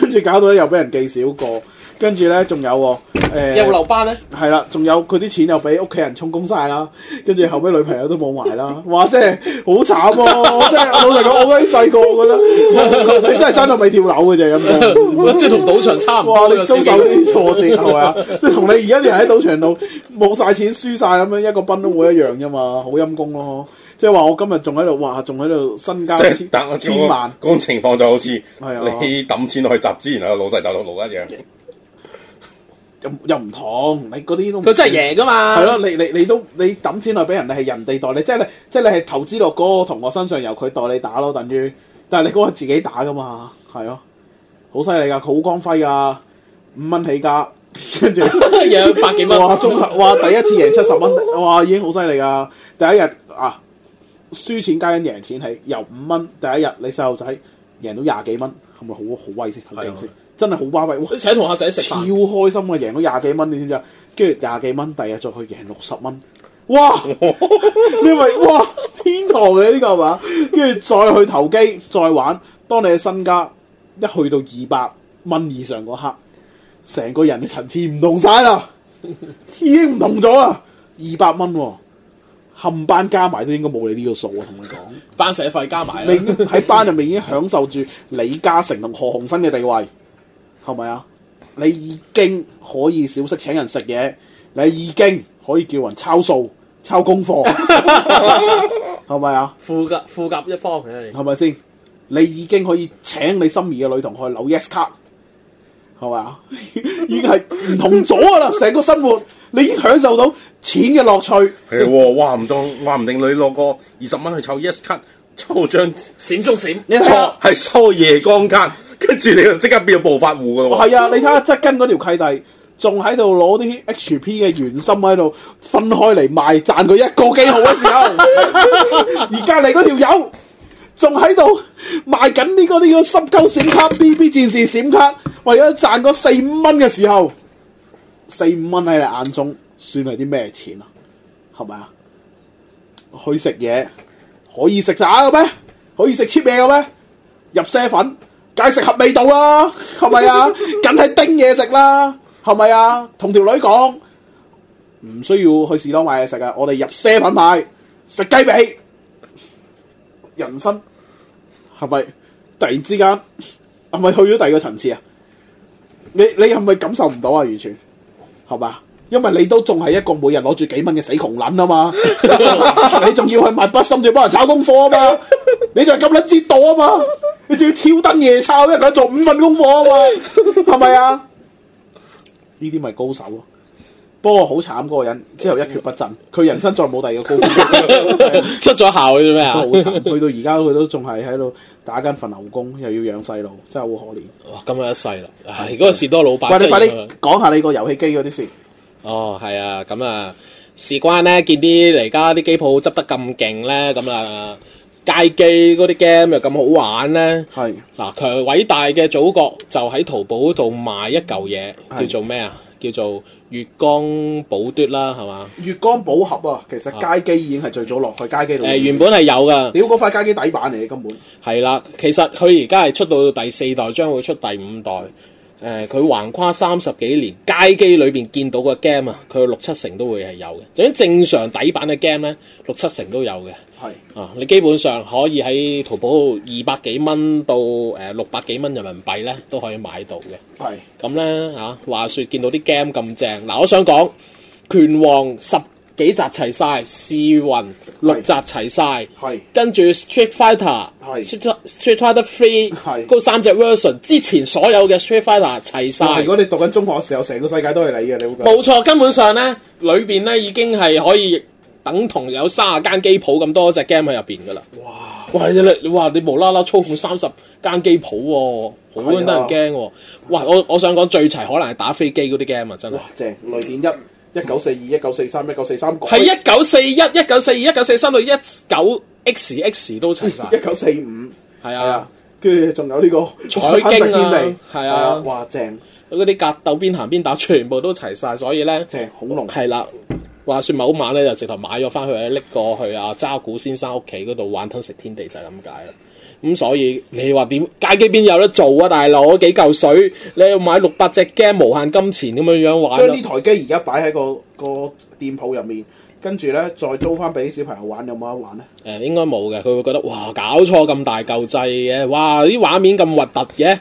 C: 跟住搞到咧又俾人記小過，跟住咧仲有誒，又、呃、留班咧？係啦，仲有佢啲錢又俾屋企人充公晒啦，跟住後尾女朋友都冇埋啦。哇，真係好慘啊！我 真係老實講，我嗰啲細個，我覺得 你真係真係未跳樓嘅啫咁樣， 即係同賭場差唔多哇。哇！你收手，啲挫折係咪、 就是、啊？即係同你而家啲人喺賭場度冇晒錢輸晒咁樣一個賓都冇一樣啫嘛，好陰功咯。即係話我今日仲喺度，哇！仲喺度身家千但我千萬，
B: 嗰，那個，情況就好似，啊，你抌錢落去集資然後老細走佬一樣，
C: 又又唔同你嗰啲都，都，佢真係贏噶嘛？係咯，你，就是就是，你你都你抌錢落俾人哋係人哋代你即係你即係你係投資落嗰個同學身上，由佢代你打咯，等於但係你嗰個自己打噶嘛？係咯，好犀利噶，好光輝㗎，五蚊起價跟住百幾蚊哇！哇，第一次贏七十蚊，哇，已經好犀利噶，第一日啊！輸錢加緊贏錢係由五蚊，第一日你細路仔贏到廿幾蚊，係咪好好威先，好勁先？真係好巴閉，成日同阿仔食飯，超開心啊！贏到廿幾蚊你知唔知啊？跟住廿幾蚊，第二日再去贏六十蚊，哇！你咪哇， 你是是哇 天堂嘅、啊、呢、這個係嘛？跟住再去投機，再玩。當你嘅身家一去到二百蚊以上嗰刻，成個人嘅層次唔同晒啦，已經唔同咗啦，二百蚊。冚班加埋都應該冇你呢個數啊！同你講，
A: 班社費加埋，你喺
C: 班入面已經享受住李嘉誠同何鴻燊嘅地位，係咪啊？你已經可以小息請人食嘢，你已經可以叫人抄數、抄功課，係 咪啊？富甲富甲一方，係咪先？你已經可以請你心儀嘅女同學扭 Yes 卡，係咪啊？ 已經係唔同咗啦，成個生活。
B: 你已經享受到錢嘅樂趣係喎，話唔到話唔定你落個二十蚊去抽 YES 卡，抽張閃中閃，錯係收夜光卡，跟住你就即刻變咗暴發戶㗎喎。係、哦、啊，你睇下側跟嗰條契弟仲喺度攞啲
C: HP 嘅原心喺度分開嚟賣，賺佢一個幾毫嘅時候， 而隔離嗰條友仲喺度賣緊呢個呢個濕鳩閃卡 BB 戰士閃卡，為咗賺嗰四五蚊嘅時候。四五蚊喺你眼中算係啲咩錢啊？係咪啊？去食嘢，可以食炸嘅咩？可以食切嘢嘅咩？入些粉，梗係食合味道啦，係咪啊？梗係叮嘢食啦，係咪啊？同條女講唔需要去士多買嘢食嘅，我哋入些粉派，食雞髀，人生係咪突然之間係咪去咗第二個層次啊？你你係咪感受唔到啊？完全。係嘛？因為你都仲係一個每日攞住幾蚊嘅死窮捻啊嘛， 你仲要去買筆心，甚至幫人炒功課啊嘛， 嘛，你仲係咁捻折墮啊嘛？你仲要挑燈夜抄，一個人做五份功課啊嘛？係咪啊？呢啲咪高手咯，啊？不過好慘嗰、那個人，之後一蹶不振，佢人生再冇第二個高手，
A: 失 咗 校佢做咩啊？好慘，
C: 去到而家佢都仲係喺度。打緊份牛工又要養細路，真係好可憐。哇！今日一世啦，係嗰、哎嗰個士多老闆。喂，你快啲講下你個遊戲機嗰啲事。
A: 哦，係、嗯嗯、啊，咁啊，事關咧見啲嚟家啲機鋪執得咁勁咧，咁啊街機嗰啲 game 又咁好玩咧。係。嗱，佢偉大嘅祖國就喺淘寶度買一嚿嘢，叫做咩啊？叫做。月光寶奪啦，係嘛？
C: 月光寶盒啊，其實街機已經係最早落去、啊、街機裏。誒、呃，原本
A: 係有噶，屌嗰塊街機底板嚟嘅根本。係啦，其實佢而家係出到第四代，將會出第五代。誒、呃，佢橫跨三十幾年街機裏邊見到個 game 啊，佢六七成都會係有嘅。就喺正常底板嘅 game 咧，六七成都有嘅。係啊，你基本上可以喺淘寶二百幾蚊到誒六百幾蚊人民幣咧，都可以買到嘅。係咁咧啊，話說見到啲 game 咁正，嗱、啊，我想講拳王十幾集齊晒，侍魂六集齊晒，係跟住 Street Fighter，係 Street Fighter Three，係嗰三隻 version 之前所有嘅 Street Fighter 齊晒。如果你
C: 讀緊中學嘅時候，成個世界都係你嘅，你會冇
A: 錯。根本上咧，裏邊咧已經係可以。等同有卅間機舖咁多隻 game 喺入面噶啦！哇你你，哇你無啦啦操控三十間機舖喎、哦，好多人驚喎、哦！哇我我想講最齊可能係打飛機嗰啲 game 啊真係哇正雷電一一九四二一九四三一九四三個係一九四一一九四二一九四三到一九 XX 都齊曬一九四五係啊，
C: 跟住仲有呢個
A: 彩京啊，係、這個、啊，啊哇，哇正啲格鬥邊行邊打全部都齊曬，所以咧正恐龍係啦。哦話説某晚咧，就直頭買咗翻去，拎過去阿渣、啊、古先生屋企嗰度玩吞食天地就係咁解啦。咁所以你話點街機邊有得做啊？大佬幾嚿水，你要買六百隻 game 無限金錢咁樣樣玩咯。將呢台機而家擺
C: 喺個個店鋪入面，跟住咧再租翻俾小朋友玩，有冇得玩咧？
A: 誒，應該冇嘅，佢會覺得哇，搞錯咁大嚿掣嘅，哇，啲畫面咁核突嘅，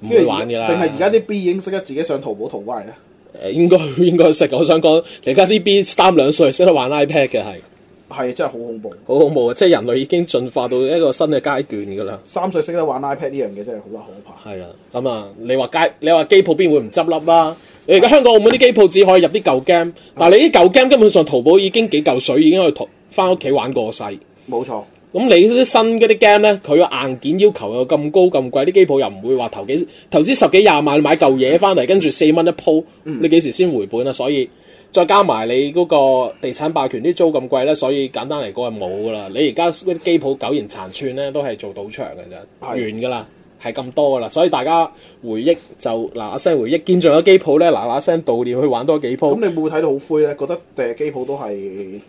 A: 唔會玩嘅啦。定係而
C: 家啲 B 已經識得自己上淘寶淘怪啦。
A: 誒，應該應該識，我想講而家啲 B 三兩歲識得玩 iPad 嘅係，
C: 係真係好恐怖，
A: 好恐怖啊！即係人類已經進化到一個新嘅階段噶啦，
C: 三歲識得玩 iPad 呢樣嘢真係好啊可怕。
A: 係啦，咁、嗯、啊，你話街，你話機鋪邊會唔執笠啦？你而家香港澳門啲機鋪只可以入啲舊 game，但係你啲舊 game 根本上淘寶已經幾嚿水已經可以淘翻屋企玩過世，冇錯。咁你啲新嗰啲 game 咧，佢個硬件要求又咁高咁貴，啲機鋪又唔會話投幾投資十幾廿萬買嚿嘢翻嚟，跟住四蚊一鋪，你幾時先回本啊？嗯、所以再加埋你嗰個地產霸權啲租咁貴咧，所以簡單嚟講係冇噶啦。你而家嗰啲機鋪苟延殘喘咧，都係做賭場㗎啫，完㗎啦，係咁多㗎啦。所以大家回憶就嗱一聲回憶，見咗啲機鋪咧，嗱嗱聲悼念去玩多幾鋪。咁你冇
C: 睇到好灰咧，覺得誒機鋪都係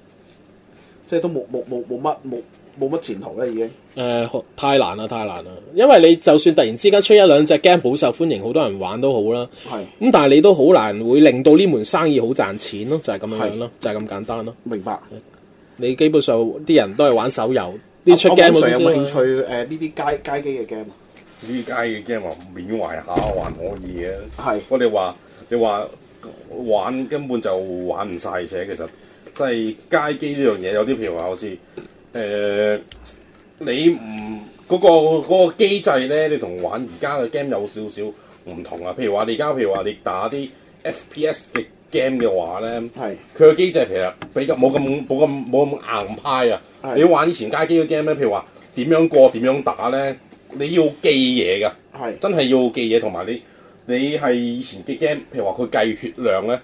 C: 即係都冇冇冇冇乜冇。冇乜前途
A: 咧，已經、呃。太難啦，太難啦！因為你就算突然之間出一兩隻 game 好受歡迎，好多人玩都好啦。咁但係你都好難會令到呢門生意好賺錢咯，就係、是、咁樣樣咯，就係、是、咁簡單咯。明白。你基本上啲人都係玩手
B: 遊，啲出 game、啊、有冇興趣？誒、啊，呢啲街街機嘅 game。呢啲街機嘅 game 話緬懷下還可以嘅、啊。係。我哋話，你話玩根本就玩唔晒，而其實即係街機呢樣嘢有啲譬如話好似。誒、呃，你唔嗰個嗰個機制咧，你同玩而家嘅 game 有少少唔同啊。譬如話，你而家譬如話，你打啲 F P S 嘅 game 嘅話咧，係佢嘅機制其實比較冇咁冇咁冇咁硬派啊。你玩以前街機嘅 game 咧，譬如話點樣過點樣打咧，你要記嘢㗎，係真係要記嘢。同埋你你係以前嘅 game，譬如話佢計血量咧，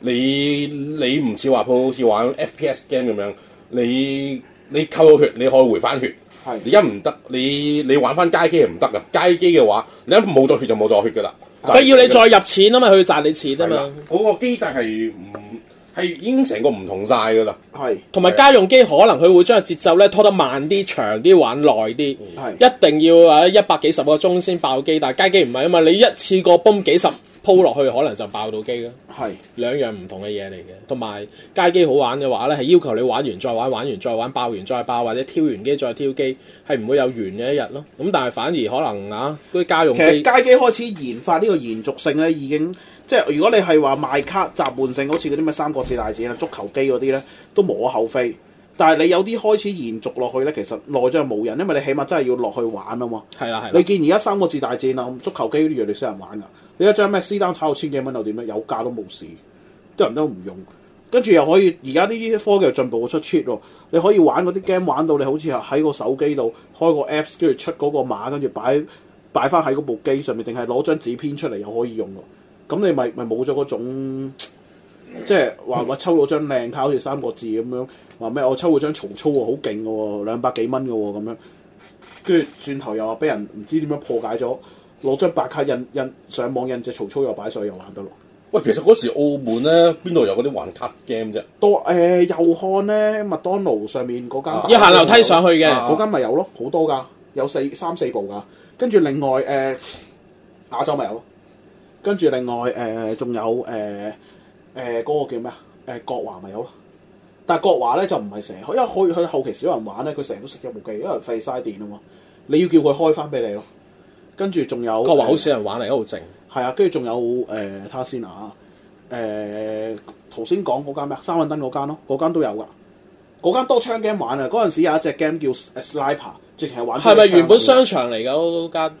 B: 你你唔似話佢好似玩 F P S game 咁樣你。你扣咗血，你可以回翻血。而家唔得，你你，你玩翻街機唔得㗎。街機嘅話，你一冇咗血就冇咗血噶啦。佢、就係、要你再入錢，咁咪佢賺你錢啫嘛。嗰、嗰個機制係唔。
A: 係已經成個唔同晒㗎啦，同埋家用機可能佢會將個節奏咧拖得慢啲、長啲、玩耐啲，一定要啊一百幾十個鐘先爆機，但係街機唔係啊嘛，你一次過泵幾十鋪落去，可能就爆到機㗎。係兩樣唔同嘅嘢嚟嘅。同埋街機好玩嘅話咧，係要求你玩完再玩，玩完再玩，爆完再爆，或者挑完機再挑機，係唔會有完嘅一日咯。咁但係反而可能啊嗰啲家用機，街機
C: 開始研發呢個延續性咧，已經。即係如果你係話賣卡集換性，好似嗰啲咩三國志大戰啊、足球機嗰啲咧，都無可厚非。但係你有啲開始延續落去咧，其實內在冇人，因為你起碼真係要落去玩啊嘛。係啦係。你見而家三國志大戰啊、足球機嗰啲越嚟越少人玩㗎。你一張咩私單炒到千幾蚊又點咧？有價都冇事，啲人都唔用。跟住又可以，而家啲科技又進步，出 cheap 喎。你可以玩嗰啲 game 玩到你好似係喺個手機度開個 apps，跟住出嗰個碼，跟住擺擺翻喺嗰部機上面，定係攞張紙片出嚟又可以用咁你咪咪冇咗嗰種，即係話我抽到張靚卡好似《三國志》咁樣，話咩？我抽到張曹操好勁嘅喎，兩百幾蚊嘅喎，咁樣。跟住轉頭又話俾人唔知點樣破解咗，攞張白卡印印上網印隻曹操又擺上去又玩得落。
B: 喂，其實嗰時澳門咧，邊度有嗰
C: 啲玩卡 game 啫？多誒、呃，右岸咧，麥當勞上面嗰間。要行樓梯上去嘅嗰間咪有咯、啊，好多噶，有四三四部噶。跟住另外誒、呃，亞洲咪有。跟住另外誒，仲、呃、有誒誒嗰個叫咩啊？誒、呃、國華咪有咯，但係國華咧就唔係成日因為去佢後期少人玩咧，佢成日都食一部機，因為費晒電啊嘛。你要叫佢開翻俾你咯。跟住仲有國華好少人玩嚟，一、嗯、度、那個、靜。係啊，跟住仲有誒睇下先啊，誒頭先講嗰間咩啊？三運燈嗰間咯，嗰間都有噶。嗰間多槍 game 玩啊！嗰陣時候有一隻 game 叫 s l i p e r 最常玩。係咪原本
A: 商場嚟嘅嗰間？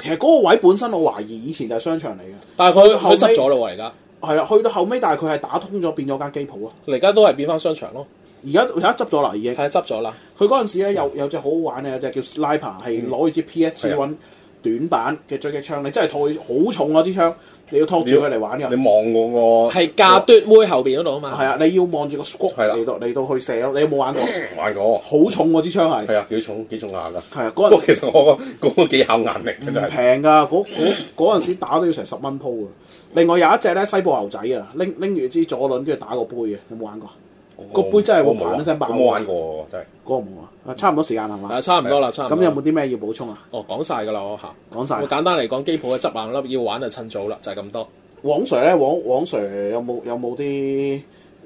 A: 其實嗰個位置本
C: 身我懷疑以前就係商場嚟嘅，但係佢佢執咗啦喎！而家係啦，去到後尾、啊，但係佢係打通咗，變咗間機鋪啊！而家都係變翻商場咯。而家而家執咗啦，已經係執咗啦。佢嗰陣時咧有有隻好好玩嘅，有隻叫 Sniper 係攞住支 PS1 短板嘅狙擊槍，你真係套好重啊！支槍。你要拖住佢嚟玩嘅，你望個個係
A: 架奪妹後邊嗰度啊
C: 嘛。係啊，你要望住、個 scope 嚟到嚟到去射咯。你有冇玩過？玩過，好重嗰支槍係。係啊，幾重幾重壓噶。係啊，嗰陣其實我嗰個幾考眼力真係。平噶，嗰嗰嗰陣時打都要成十蚊鋪啊。另外有一隻咧西部牛仔啊，拎拎住支左輪跟住打個杯啊。有冇玩過？
B: 那個杯真係，那個盤都想爆，我、那、冇、個、玩過真係，哥冇啊，
C: 差唔多時間係
A: 嘛，
B: 係差唔多啦，差唔多。咁有冇
C: 啲
A: 咩要補充啊？哦，講晒噶啦，我吓，講晒。我簡單嚟講，機鋪嘅執硬粒，要玩就趁早啦，就係、是、咁多。黃 sir
C: 咧，黃黃 sir 有冇有冇啲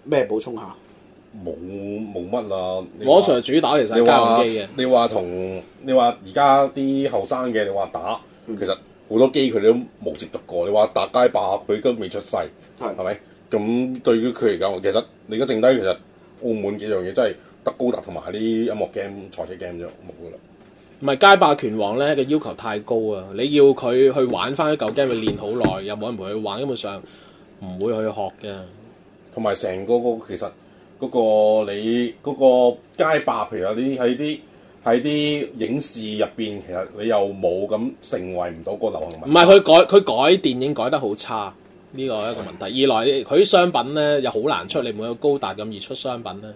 B: 咩補充下？冇冇乜啦。黃 sir 主打其實家用機嘅，你話同你話而家啲後生嘅，你話打、嗯，其實好多機佢都冇接觸過。你話打街霸，佢都未出世，係係咪？咁對於佢嚟講，其實你而家剩低其實澳門幾樣嘢，真係得高達同埋啲音樂 game, game、賽車 game 就冇噶啦。
A: 唔係街霸拳王咧嘅要求太高啊！你要佢去玩翻啲舊 game，去練好耐，又冇人陪佢玩，根本上唔會去學嘅。同
B: 埋成個個其實嗰、嗰個你嗰、嗰個街霸，譬如你喺啲喺啲影視入面，其實你又冇咁成為唔到個流行。唔
A: 係佢改佢改電影改得好差。呢、這個一個問題，二來佢啲商品咧又好難出，你唔會有高達咁易出商品咧。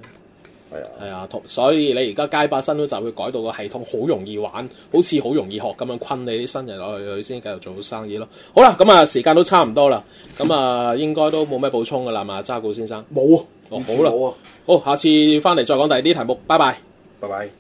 A: 係、哎、啊，係啊，所以你而家街霸新都就會改到個系統好容易玩，好似好容易學咁樣昆你啲新人落去，佢先繼續做好生意咯。好啦，咁、嗯、啊時間都差唔多啦，咁、嗯、啊、嗯、應該都冇咩補充噶啦嘛，渣古先生冇，唔好啦，好、啊、好下次翻嚟再講第二啲題、題目，拜拜，拜拜。